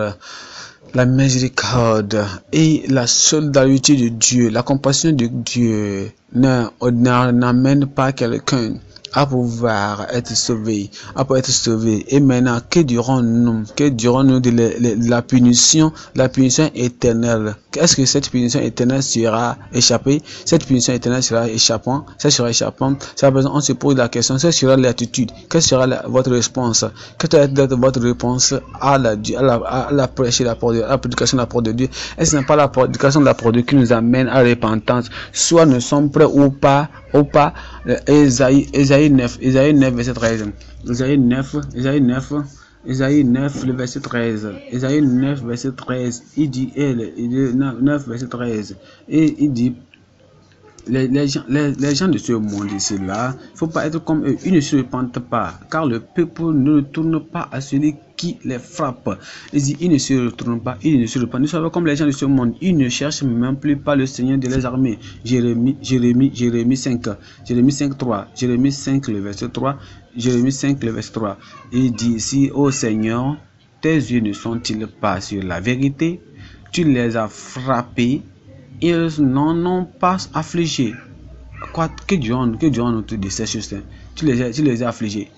la miséricorde et la solidarité de Dieu, la compassion de Dieu n'amène pas quelqu'un à pouvoir être sauvé à pouvoir être sauvé Et maintenant, que durant nous Que durant nous de la, punition, la punition éternelle Est-ce que cette punition éternelle sera échappée Cette punition éternelle sera échappant Ça sera échappant Ça, on se pose la question, Qu'est-ce sera l'attitude Quelle sera votre réponse Quelle sera votre réponse à la, à la, à la, à prédication de la parole de Dieu Est-ce n'est pas la prédication de la parole de Dieu qui nous amène à repentance Soit nous sommes prêts ou pas ou pas euh, Esaïe, Esaïe 9, Esaïe 9, verset 13. Esaïe 9, Esaïe 9, Esaïe 9, le verset 13. Esaïe 9, verset 13. Il dit, elle, il 9, verset 13. Et il dit, les, les, gens, de ce monde ici-là, il ne faut pas être comme eux. Ils ne se repentent pas, car le peuple ne tourne pas à celui qui qui les frappe. Il ils ne se retournent pas, ils ne se retournent pas. Nous comme les gens de ce monde, ils ne cherchent même plus pas le Seigneur de les armées. Jérémie, Jérémie, Jérémie 5, Jérémie 5, 3, Jérémie 5, le verset 3, Jérémie 5, le verset 3. Il dit ici, ô Seigneur, tes yeux ne sont-ils pas sur la vérité Tu les as frappés, ils n'en ont pas affligé. Quoi, que Dieu, que nous dit Tu les as, tu les as affligés,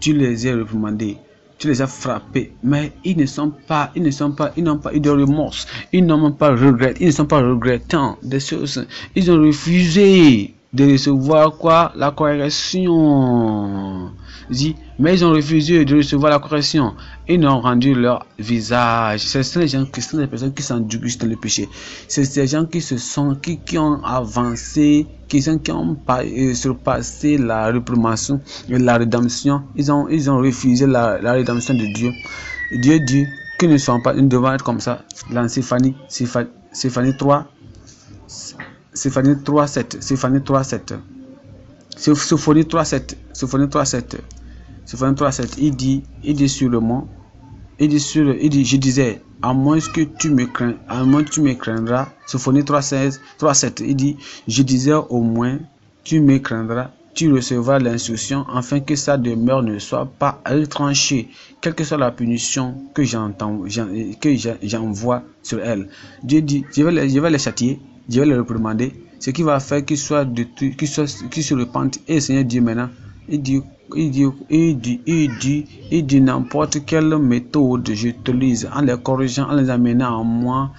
tu les as réprimandés tu les as frappés, mais ils ne sont pas, ils ne sont pas, ils n'ont pas eu de remorse, ils n'ont même pas regret, ils ne sont pas regrettants des choses. Ils ont refusé de recevoir quoi La correction dit, mais ils ont refusé de recevoir la correction. Ils n'ont rendu leur visage. Ce sont les gens qui sont les personnes qui s'endurcissent dans le péché. Ce sont ces gens qui se sont, qui, ont avancé, qui, sont, qui ont euh, surpassé la réprimation et la rédemption. Ils ont, ils ont refusé la, rédemption de Dieu. Dieu dit qu'ils ne sont pas, une demande être comme ça. C'est Fanny 3, Séphanie 3, 7, Séphanie 3, 7. Sophonie 3.7. Sophonie 3.7. 23 7 Il dit, il dit sur le mot, il dit sur, il dit, je disais, à moins que tu me crains, à moins que tu me craindras. Sophonie 3.16, 3.7. Il dit, je disais au moins, tu me craindras. Tu recevras l'instruction afin que sa demeure ne soit pas retranchée, quelle que soit la punition que j'entends, que j'envoie sur elle. Dieu dit, je vais les, je vais les châtier, je vais les reprimander, ce qui va faire qu'ils qu'il soit, qu'il se repentent. Et Seigneur dit maintenant, il dit, il dit il dit dit n'importe quelle méthode j'utilise en les corrigeant, en les amenant à moi.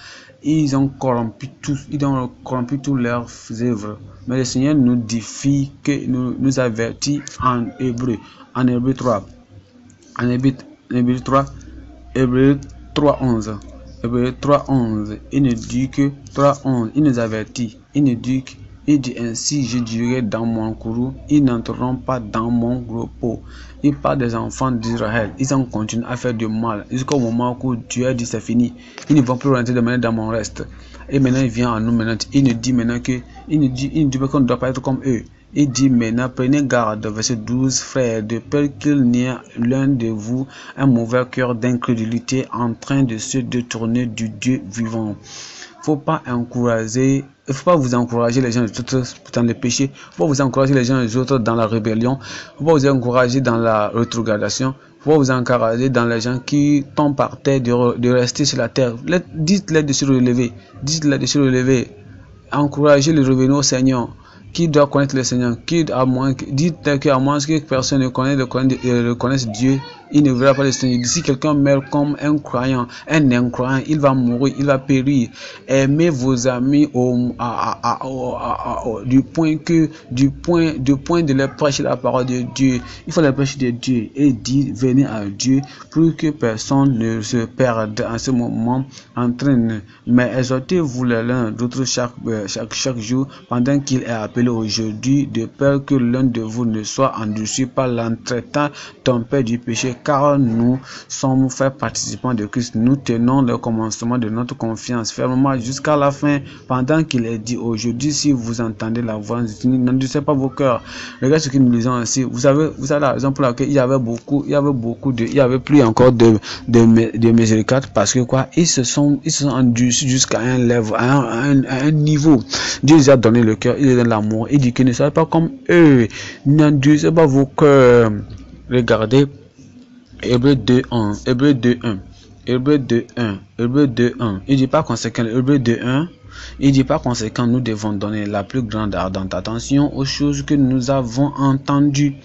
Ils ont corrompu tous, ils ont corrompu tous leurs œuvres. Mais le Seigneur nous dit que nous, nous avertit en Hébreu, en Hébreu 3. En Hébreu, 3, Hébreu 3, 11. Hébreu 3, 11. Il nous dit que 3, 11, il nous avertit. Il nous dit que il dit, « ainsi je dirai dans mon courroux, ils n'entreront pas dans mon repos. Il parle des enfants d'Israël. Ils en continuent à faire du mal jusqu'au moment où Dieu a dit c'est fini. Ils ne vont plus rentrer de manière dans mon reste. Et maintenant il vient à nous maintenant. Il ne dit maintenant que il dit, il qu'on ne doit pas être comme eux. Il dit maintenant, prenez garde, verset 12, frères, de peur qu'il n'y ait l'un de vous un mauvais cœur d'incrédulité en train de se détourner du Dieu vivant faut pas encourager, il faut pas vous encourager les gens de autres dans le péché, faut pas vous encourager les gens les autres dans la rébellion, faut pas vous encourager dans la rétrogradation, faut pas vous encourager dans les gens qui tombent par terre de, rester sur la terre. Dites-les de se relever, dites-les de se relever, encouragez les revenus au Seigneur qui doit connaître le Seigneur, qui à moins, dites à moins que personne ne euh, ne connaisse Dieu, il ne verra pas le Seigneur. Si quelqu'un meurt comme un croyant, un incroyant, il va mourir, il va périr. Aimez vos amis au, du point que, du point, du point de leur prêcher la parole de Dieu. Il faut leur prêcher de Dieu et dire, venez à Dieu pour que personne ne se perde en ce moment en train. Mais exhortez-vous l'un d'autre chaque, euh, chaque, chaque jour pendant qu'il est appelé aujourd'hui de peur que l'un de vous ne soit endurci par ton tempête du péché car nous sommes faits participants de Christ. Nous tenons le commencement de notre confiance fermement jusqu'à la fin, pendant qu'il est dit aujourd'hui, si vous entendez la voix, n'endurcez pas vos cœurs. Regardez ce que nous lisons ainsi Vous savez, vous avez la raison pour laquelle il y avait beaucoup, il y avait beaucoup de, il y avait plus encore de, de, de miséricorde parce que quoi, ils se sont, ils se sont dus jusqu'à un lèvre un, niveau. Dieu les a donné le cœur, il est dans l'amour. Il dit que ne soyez pas comme eux, n'endurcez pas vos cœurs. Regardez Hébreu 2, 1. Hébreu 2, 1. Hébreu 2, 1. Hébreu 2, 1. Il dit pas conséquent. Hébreu 2, 1. Il dit par conséquent, nous devons donner la plus grande ardente attention aux choses que nous avons entendues,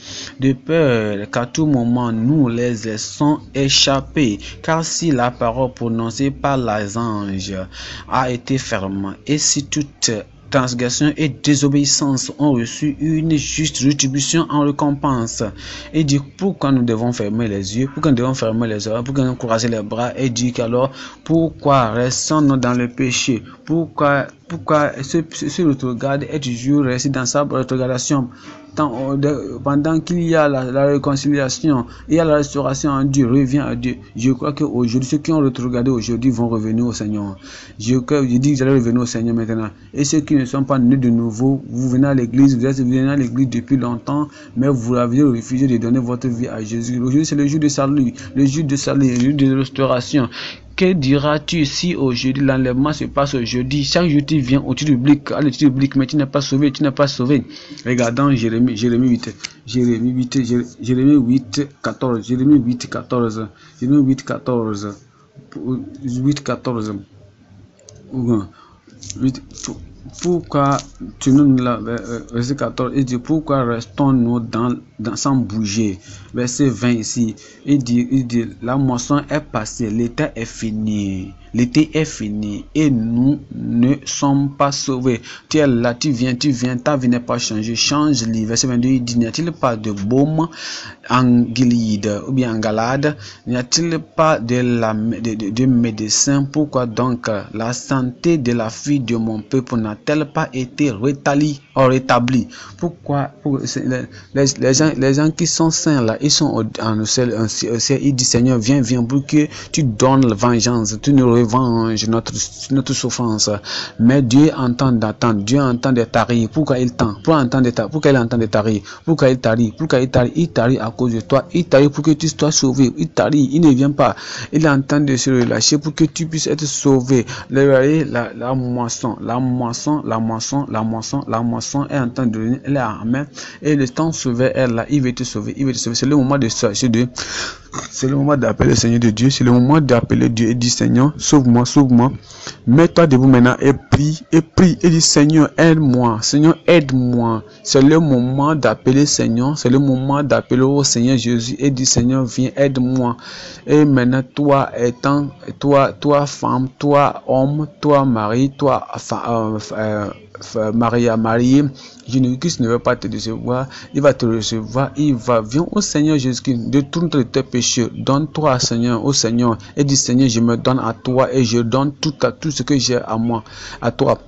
de peur qu'à tout moment nous les laissons échapper. Car si la parole prononcée par les anges a été ferme, et si toute Transgression et désobéissance ont reçu une juste rétribution en récompense. Et dit pourquoi nous devons fermer les yeux, pourquoi nous devons fermer les oreilles, pourquoi nous croiser les bras et dit qu'alors pourquoi restons-nous dans le péché, pourquoi pourquoi ce, ce est toujours resté dans sa rétrogradation Tant, euh, pendant qu'il y a la, réconciliation, et y la restauration en Dieu, revient à Dieu. Je crois qu'aujourd'hui, ceux qui ont regardé aujourd'hui vont revenir au Seigneur. Je, je dis que vous allez revenir au Seigneur maintenant. Et ceux qui ne sont pas nés de nouveau, vous venez à l'église, vous êtes venus à l'église depuis longtemps, mais vous avez refusé de donner votre vie à Jésus. Aujourd'hui, c'est le jour de salut, le jour de salut, le jour de restauration que diras-tu si aujourd'hui l'enlèvement se passe aujourd'hui Chaque jour tu viens au du public, à mais tu n'es pas sauvé, tu n'es pas sauvé. Regardons Jérémie, Jérémie 8, Jérémie 8, Jérémie 8, 14, Jérémie 8, 14, Jérémie 8, 14, 8, 14. pourquoi tu nous euh, euh, verset 14 et pourquoi restons-nous dans sans bouger. Verset 20 ici, il dit, la moisson est passée, l'été est fini. L'été est fini et nous ne sommes pas sauvés. Tu es là, tu viens, tu viens, ta vie n'est pas changée. Change lui Verset 22, il dit, n'y a-t-il pas de baume en ou bien en Galade N'y a-t-il pas de, la, de, médecin Pourquoi donc la santé de la fille de mon peuple n'a-t-elle pas été oh, rétablie, Pourquoi les, les gens les gens qui sont saints là, ils sont en ciel, ils disent Seigneur, viens, viens, pour que tu donnes la vengeance, tu nous revenges notre, notre souffrance. Mais Dieu entend d'attendre, Dieu entend de tarir. Pourquoi il tend Pour Pourquoi il entend de tarir Pourquoi il t'arrive Pourquoi il Il à cause de toi. Il t'arrive pour que tu sois sauvé. Il t'arrive, il ne vient pas. Il train de se relâcher pour que tu puisses être sauvé. la, moisson, la moisson, la moisson, la moisson, la moisson est en train de venir, elle et le temps sauvé elle là, il veut te sauver, il veut te sauver. C'est le moment de c'est de. C'est le moment d'appeler le Seigneur de Dieu. C'est le moment d'appeler Dieu et du Seigneur, sauve-moi, sauve-moi. Mets-toi debout maintenant et prie, et prie, et du Seigneur, aide-moi, Seigneur, aide-moi. C'est le moment d'appeler Seigneur, c'est le moment d'appeler au Seigneur Jésus et du Seigneur, viens, aide-moi. Et maintenant, toi étant, toi, toi femme, toi homme, toi mari, toi, euh, euh, marié à mariée, jésus ne veux pas te décevoir, il va te recevoir, il va, viens au Seigneur jésus de détourne tes péchés, donne-toi Seigneur, au Seigneur, et dis Seigneur, je me donne à toi et je donne tout, à, tout ce que j'ai à moi, à toi.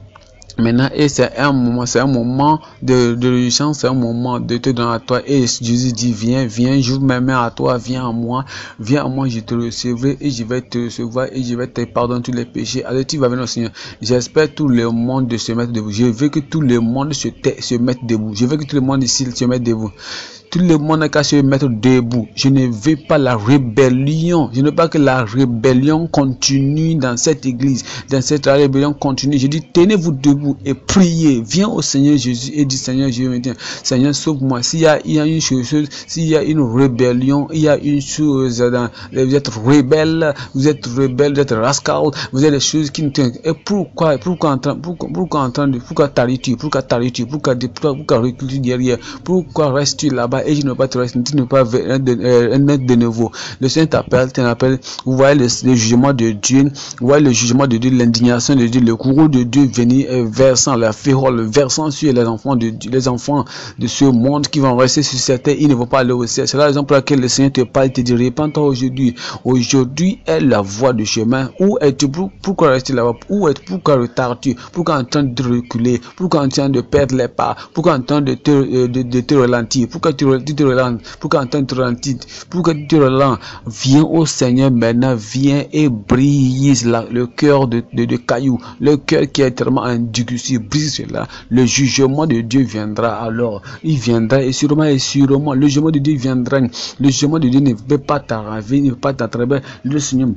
Maintenant, et c'est un moment, c'est un moment de, de c'est un moment de te donner à toi. Et Jésus dit, viens, viens, j'ouvre mes mains à toi, viens à moi, viens à moi, je te recevrai et je vais te recevoir et je vais te pardonner tous les péchés. Alors tu vas venir au Seigneur. J'espère tout le monde de se mettre debout. Je veux que tout le monde se, se mette debout. Je veux que tout le monde ici se mette debout. Tout le monde a qu'à se mettre debout. Je ne veux pas la rébellion. Je ne veux pas que la rébellion continue dans cette église, dans cette rébellion continue. Je dis, tenez-vous debout et priez. Viens au Seigneur Jésus et dis, Seigneur Jésus, Seigneur, sauve-moi. S'il y, a, y a une chose, s'il y a une rébellion, il y a une chose dans, vous êtes rebelle, vous êtes rebelle, vous êtes rascal, vous avez des choses qui ne tiennent. Et pourquoi, pourquoi en pourquoi, pourquoi pourquoi pourquoi, tu là-bas? Bah, et je ne pas te tu ne pas euh, un être de nouveau. Le Seigneur t'appelle, tu appelle, vous voyez le, jugement de Dieu, vous voyez le jugement de Dieu, l'indignation de Dieu, le courroux de Dieu venir euh, versant la férole, versant sur les enfants de les enfants de ce monde qui vont rester sur cette terre, ils ne vont pas aller au ciel. C'est la raison pour laquelle le Seigneur te parle, te dit, répands-toi aujourd'hui. Aujourd'hui est la voie du chemin. Où es-tu? Pourquoi rester là-bas? Où es-tu? Pourquoi retardes-tu? Pourquoi en train de reculer? Pourquoi en train de perdre les pas? Pourquoi en train de te, euh, de, te ralentir? Pourquoi tu relances, pour qu'en tant pour que relances, viens au Seigneur maintenant, viens et brise le cœur de, de, cailloux, le cœur qui est tellement indiscutible, brise cela. Le jugement de Dieu viendra alors, il viendra et sûrement et sûrement, le jugement de Dieu viendra. Le jugement de Dieu ne peut pas t'arraver, ne peut pas t'attraper. Le Seigneur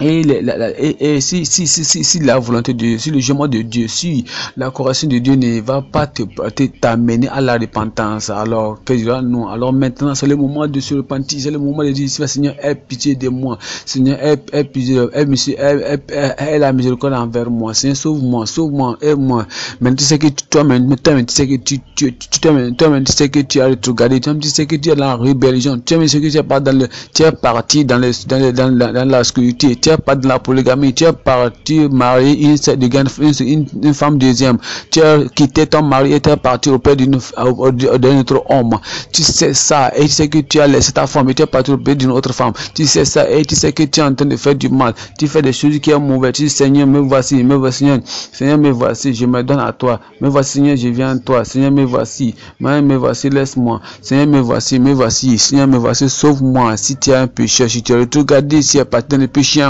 et, et, et, si, si, si, si, si la volonté de Dieu, si le jugement de Dieu, si la correction de Dieu ne va pas t'amener à la repentance, alors que dira non. Alors maintenant, c'est le moment de se repentir, c'est le moment de dire, Seigneur, aie pitié de moi, Seigneur, aie, aie pitié, aie, aie, aie, aie la miséricorde envers moi, Seigneur, sauve-moi, sauve-moi, aide-moi. Maintenant, tu sais que toi-même, toi-même, tu sais que tu, tu, tu, toi-même, tu sais que tu as regardé, toi-même, tu sais que tu es dans la rébellion, toi-même, tu sais que tu es pas dans le, tu es parti dans, le, dans, le, dans, dans, dans la sécurité tu as pas de la polygamie, tu es parti marier une, femme deuxième, tu as quitté ton mari et tu es parti auprès d'un autre homme. Tu sais ça et tu sais que tu as laissé ta femme et tu es parti auprès d'une autre femme. Tu sais ça et tu sais que tu es en train de faire du mal, tu fais des choses qui sont mauvaises. Tu dis Seigneur, me voici, me voici, Seigneur, me voici, je me donne à toi, me voici, Seigneur, je viens à toi, Seigneur, me voici, me voici, laisse-moi, Seigneur, me voici, me voici, Seigneur, me voici, sauve-moi. Si tu es un péché, si tu es regardé, si tu es parti dans le péché,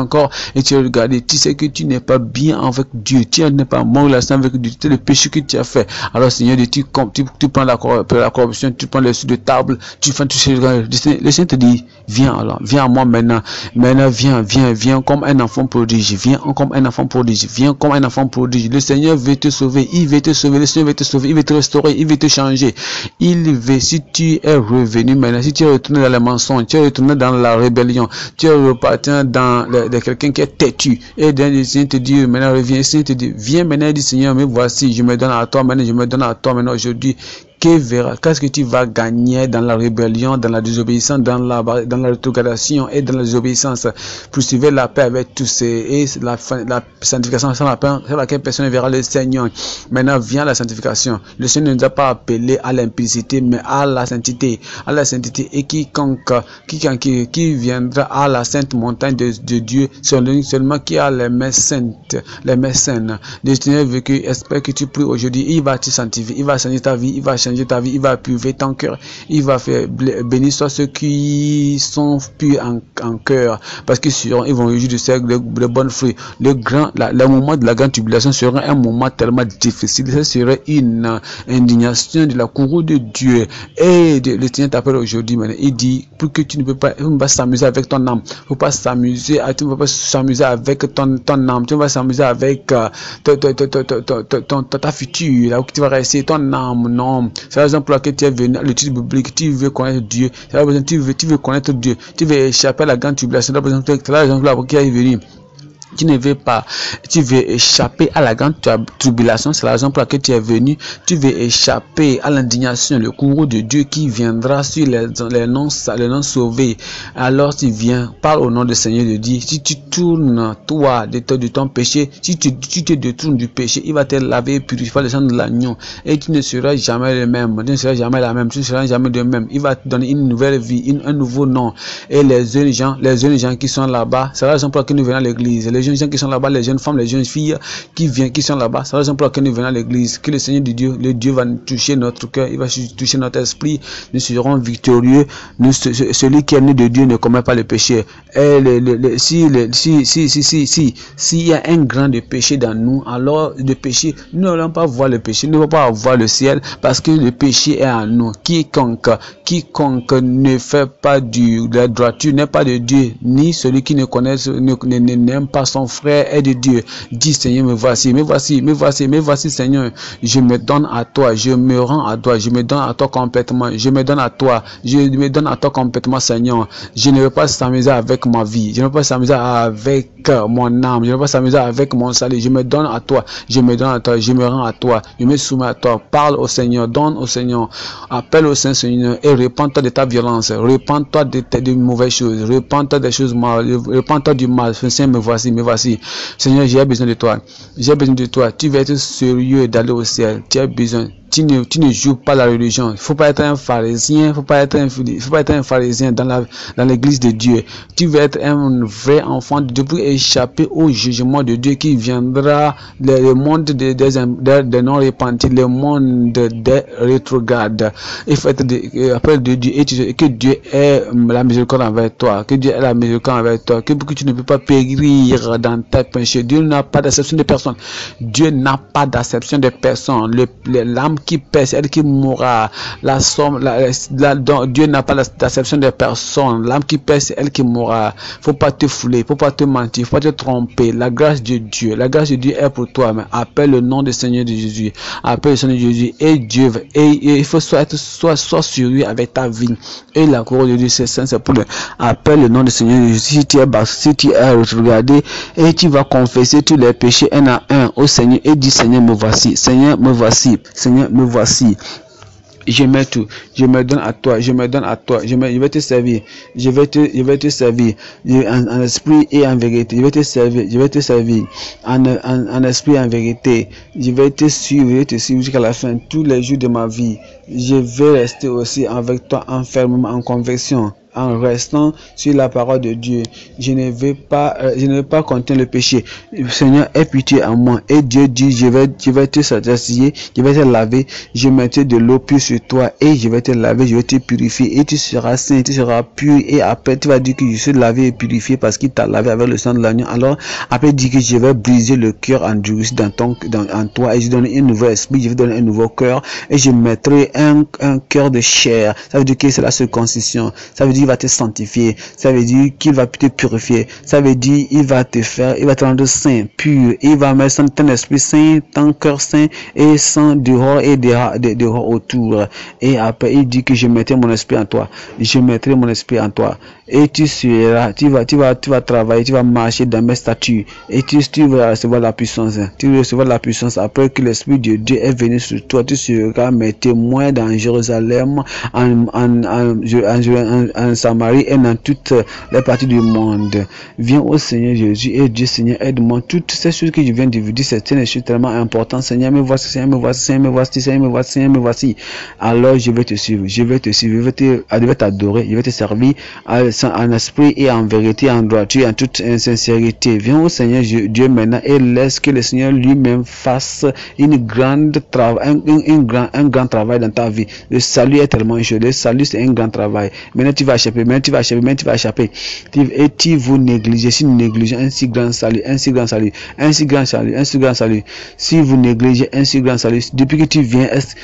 et tu regardes regardé, tu sais que tu n'es pas bien avec Dieu, tu n'es pas en relation avec Dieu, c'est le péché que tu as fait. Alors Seigneur, tu, tu, tu prends la, la corruption, tu prends le sous de table, tu fais tout ce Le Seigneur te dit, viens alors, viens à moi maintenant, maintenant viens, viens, viens comme un enfant prodige, viens comme un enfant prodige, viens comme un enfant prodige. Le Seigneur veut te sauver, il veut te sauver, le Seigneur veut te sauver, il veut te restaurer, il veut te changer. Il veut, si tu es revenu maintenant, si tu es retourné dans les mensonges, tu es retourné dans la rébellion, tu es reparti dans de quelqu'un qui est têtu. Et le Seigneur te dit, maintenant reviens, ici, te viens maintenant, dit Seigneur, mais voici, je me donne à toi maintenant, je me donne à toi maintenant aujourd'hui verra, qu'est-ce que tu vas gagner dans la rébellion, dans la désobéissance, dans la, dans la rétrogradation et dans la désobéissance Poursuivez la paix avec tous ces, et la, la sanctification sans la paix, sans laquelle personne verra le Seigneur. Maintenant vient la sanctification. Le Seigneur ne nous a pas appelé à l'implicité, mais à la sainteté, à la sainteté. Et quiconque, quiconque qui, viendra à la sainte montagne de, de Dieu, seulement qui a les mains saintes, les mains saines. Le Seigneur espère que tu pries aujourd'hui, il va te sanctifier, il va ta vie, il va ta vie, il va appuyer ton cœur, il va faire bénir ceux qui sont purs en, coeur cœur, parce qu'ils ils vont juger de cercle de, bonnes fruits. Le grand, la, le moment de la grande tribulation sera un moment tellement difficile, ce serait une indignation de la courroux de Dieu. Et de, le Seigneur t'appelle aujourd'hui, il dit, pour que tu ne peux pas, s'amuser avec ton âme, il ne pas s'amuser, tu ne pas s'amuser avec ton, ton âme, tu ne vas pas s'amuser avec euh, ta, ta future, là où tu vas rester, ton âme, non. C'est la exemple pour laquelle tu es venu à l'étude biblique. Tu veux connaître Dieu. tu veux, tu veux connaître Dieu. Tu veux échapper à la grande tribulation. C'est la raison pour laquelle tu es venu. Tu ne veux pas, tu veux échapper à la grande tribulation. C'est la raison pour laquelle tu es venu. Tu veux échapper à l'indignation, le courroux de Dieu qui viendra sur les, les non-sauvés. Alors tu viens, parle au nom du Seigneur de Dieu. Si tu tournes, toi, de ton, de ton péché, si tu, te détournes du péché, il va te laver et purifier le sang de l'agneau. Et tu ne seras jamais le même. Tu ne seras jamais la même. Tu ne seras jamais de même. Il va te donner une nouvelle vie, un nouveau nom. Et les jeunes gens, les jeunes gens qui sont là-bas, c'est la raison pour laquelle nous venons à l'église. Les jeunes gens qui sont là-bas, les jeunes femmes, les jeunes filles qui viennent, qui sont là-bas. ça la raison pour laquelle nous venons à l'église. Que le Seigneur de Dieu, le Dieu va toucher notre cœur, il va toucher notre esprit. Nous serons victorieux. Nous, celui qui est né de Dieu ne commet pas le péché. Et si, si, si, si, s'il y a un grand de péché dans nous, alors le péché, nous n'allons pas voir le péché, nous ne pas voir le ciel parce que le péché est en nous. Quiconque, quiconque ne fait pas du, de la droiture n'est pas de Dieu, ni celui qui ne connaît, n'aime pas son frère et de Dieu. dit Seigneur, me voici, me voici, me voici, me voici Seigneur. Je me donne à toi, je me rends à toi, je me donne à toi complètement, je me donne à toi, je me donne à toi complètement Seigneur. Je ne veux pas s'amuser avec ma vie, je ne veux pas s'amuser avec euh, mon âme, je ne veux pas s'amuser avec mon salut. Je me donne à toi, je me donne à toi, je me rends à toi, je me soumets à toi. Parle au Seigneur, donne au Seigneur, appelle au Saint-Seigneur et répands-toi de ta violence, répands-toi de tes mauvaises choses, répands-toi des choses mal, répands-toi du mal. Seigneur, me voici me voici. Seigneur, j'ai besoin de toi. J'ai besoin de toi. Tu veux être sérieux d'aller au ciel. Tu as besoin tu ne, joues pas la religion. Il ne faut pas être un pharisien, il faut pas être un, faut pas être un pharisien dans l'église de Dieu. Tu veux être un vrai enfant de Dieu pour échapper au jugement de Dieu qui viendra, le, le monde des, non repentis, le monde des rétrogrades. Il faut être euh, appelé de Dieu et que Dieu ait la miséricorde envers toi, que Dieu ait la miséricorde envers toi, que, tu ne peux pas périr dans ta péché. Dieu n'a pas d'acception de personne. Dieu n'a pas d'acception de personne. L'âme qui pèse, elle qui mourra. La somme, la, Dieu n'a pas la des personnes. L'âme qui pèse, elle qui mourra. Faut pas te fouler, faut pas te mentir, faut pas te tromper. La grâce de Dieu, la grâce de Dieu est pour toi. Mais appelle le nom du Seigneur de Jésus. Appelle le Seigneur de Jésus et Dieu. Et, et il faut soit être, soit, soit sur lui avec ta vie. Et la couronne de Dieu, c'est c'est pour le appelle le nom du Seigneur de Jésus. Si tu es bas, si tu es regardé et tu vas confesser tous les péchés un à un au Seigneur et dis Seigneur me voici, Seigneur me voici, Seigneur me voici. Je mets tout, je me donne à toi, je me donne à toi, je, vais te servir, je vais te, je vais te servir en, esprit et en vérité, je vais te servir, je vais te servir en, esprit et en vérité, je vais te suivre, je te suivre jusqu'à la fin, tous les jours de ma vie, je vais rester aussi avec toi en fermement, en conversion en restant sur la parole de Dieu. Je ne vais pas, euh, je ne vais pas contenir le péché. Seigneur, aie pitié en moi. Et Dieu dit, je vais, vais te satisfier, je vais te laver, je mettrai de l'eau pure sur toi et je vais te laver, je vais te purifier et tu seras saint, tu seras pur et après tu vas dire que je suis lavé et purifié parce qu'il t'a lavé avec le sang de l'agneau. Alors après dit que je vais briser le cœur en dans ton, dans, toi et je donne un nouveau esprit, je vais donner un nouveau cœur et je mettrai un, un cœur de chair. Ça veut dire que c'est la circoncision. Ça veut dire il va te sanctifier. Ça veut dire qu'il va te purifier. Ça veut dire il va te faire, il va te rendre saint, pur. Il va mettre son, ton esprit saint, ton cœur saint et sans dehors et dehors, dehors autour. Et après, il dit que je mettrai mon esprit en toi. Je mettrai mon esprit en toi et tu seras, tu vas, tu vas, tu travailler, tu vas marcher dans mes statues et tu, tu vas recevoir la puissance. Tu vas recevoir la puissance après que l'Esprit de Dieu est venu sur toi. Tu seras mes témoins dans Jérusalem, en, en, en, en, Samarie et dans toutes les parties du monde. Viens au Seigneur Jésus et Dieu Seigneur aide-moi. Toutes ces choses que je viens de vous dire, c'est tellement important Seigneur, me voici, Seigneur, me voici, Seigneur, me voici, Seigneur, me voici, Seigneur, me Alors je vais te suivre, je vais te suivre, je vais t'adorer, je vais te servir en esprit et en vérité, en droiture, en toute sincérité. Viens au Seigneur Dieu maintenant et laisse que le Seigneur lui-même fasse une grande un, un, grand, un grand travail dans ta vie. Le salut est tellement chaud Le salut, c'est un grand travail. Maintenant, tu vas échapper, maintenant, tu vas échapper, maintenant, tu vas échapper. Et tu vous négligez, si vous négligez, un si grand salut, un si grand salut, un si grand salut, un si grand salut. Si vous négligez un si grand salut, depuis que tu viens, est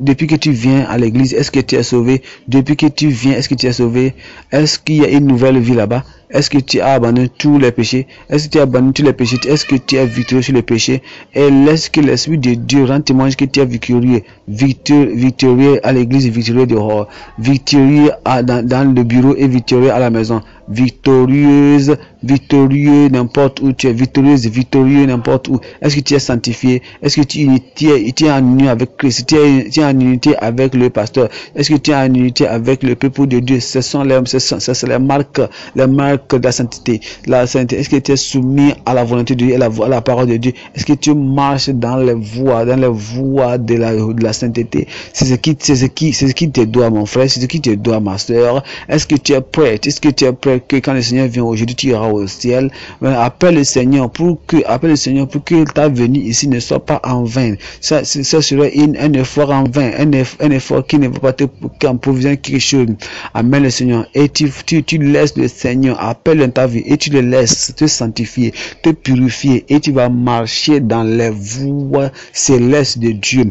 depuis que tu viens à l'église, est-ce que tu es sauvé? Depuis que tu viens, est-ce que tu es sauvé? Est-ce qu'il y a une nouvelle vie là-bas est-ce que tu as abandonné tous les péchés Est-ce que tu as abandonné tous les péchés Est-ce que tu as victorieux sur les péchés? Et laisse que l'Esprit de Dieu rend témoignage que tu as victorieux. victorieux à l'église, victorieux dehors. Victorieux dans, le bureau et victorieux à la maison. Victorieuse, victorieux n'importe où tu es. Victorieuse, victorieux n'importe où. Est-ce que tu es sanctifié Est-ce que tu, es, en unité avec Christ tu unité avec le pasteur Est-ce que tu es en unité avec le peuple de Dieu Ce sont les, ce sont, ce sont les marques, les marques que de la sainteté. La sainteté, est-ce que tu es soumis à la volonté de Dieu, à la, à la parole de Dieu Est-ce que tu marches dans les voies, dans les voies de la, de la sainteté C'est ce qui, c'est ce qui, c'est ce qui te doit, mon frère, c'est ce qui te doit, ma soeur. Est-ce que tu es prêt, Est-ce que tu es prêt que quand le Seigneur vient aujourd'hui, tu iras au ciel Appelle le Seigneur pour que, appelle le Seigneur pour que ta venue ici ne soit pas en vain. Ça, ça serait une, un effort en vain, un, effort qui ne va pas te, qui quelque chose. Amen, le Seigneur. Et tu, tu, tu laisses le Seigneur appelle dans ta vie et tu le laisses te sanctifier, te purifier et tu vas marcher dans les voies célestes de Dieu.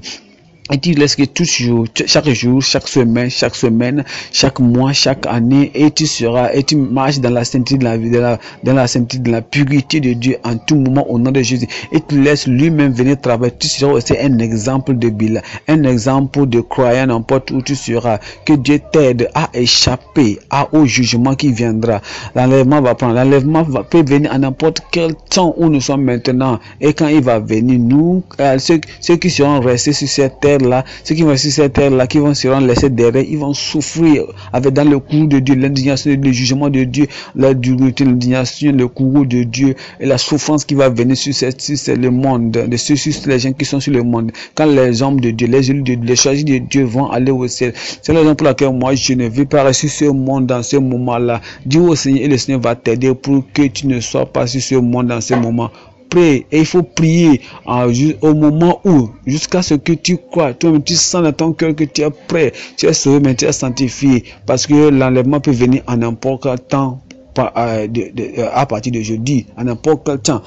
Et tu laisses que toujours, chaque jour, chaque semaine, chaque semaine, chaque mois, chaque année, et tu seras, et tu marches dans la sainteté de la vie, de la, dans la sainteté de la pureté de Dieu en tout moment au nom de Jésus. Et tu laisses lui-même venir travailler. Tu seras aussi un exemple de Bill, un exemple de croyant n'importe où tu seras. Que Dieu t'aide à échapper à, au jugement qui viendra. L'enlèvement va prendre. L'enlèvement peut venir à n'importe quel temps où nous sommes maintenant. Et quand il va venir, nous, euh, ceux qui seront restés sur cette terre, là ceux qui vont sur cette terre-là, qui vont se rendre laissés derrière, ils vont souffrir avec dans le courroux de Dieu, l'indignation, le jugement de Dieu, la dureté, l'indignation, le courroux de Dieu et la souffrance qui va venir sur, cette, sur le monde, de ceux, sur les gens qui sont sur le monde. Quand les hommes de Dieu, les élus de Dieu, chargés de Dieu vont aller au ciel. C'est la raison pour laquelle moi je ne vais pas rester sur ce monde dans ce moment-là. Dis au Seigneur et le Seigneur va t'aider pour que tu ne sois pas sur ce monde dans ce moment et il faut prier ah, au moment où, jusqu'à ce que tu crois, toi-même tu sens dans ton cœur que tu es prêt, tu es sauvé, mais tu es sanctifié, parce que l'enlèvement peut venir en n'importe quel temps, euh, euh, à partir de jeudi, en n'importe quel temps.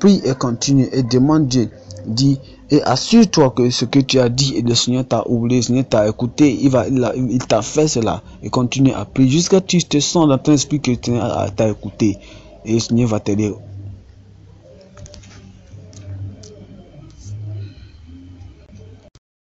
Prie et continue et demande Dieu, dit et assure-toi que ce que tu as dit, et le Seigneur t'a oublié, le Seigneur t'a écouté, il, va, il, t'a fait cela. Et continue à prier jusqu'à ce que tu te sens dans ton esprit que tu as écouté. Et le Seigneur va dire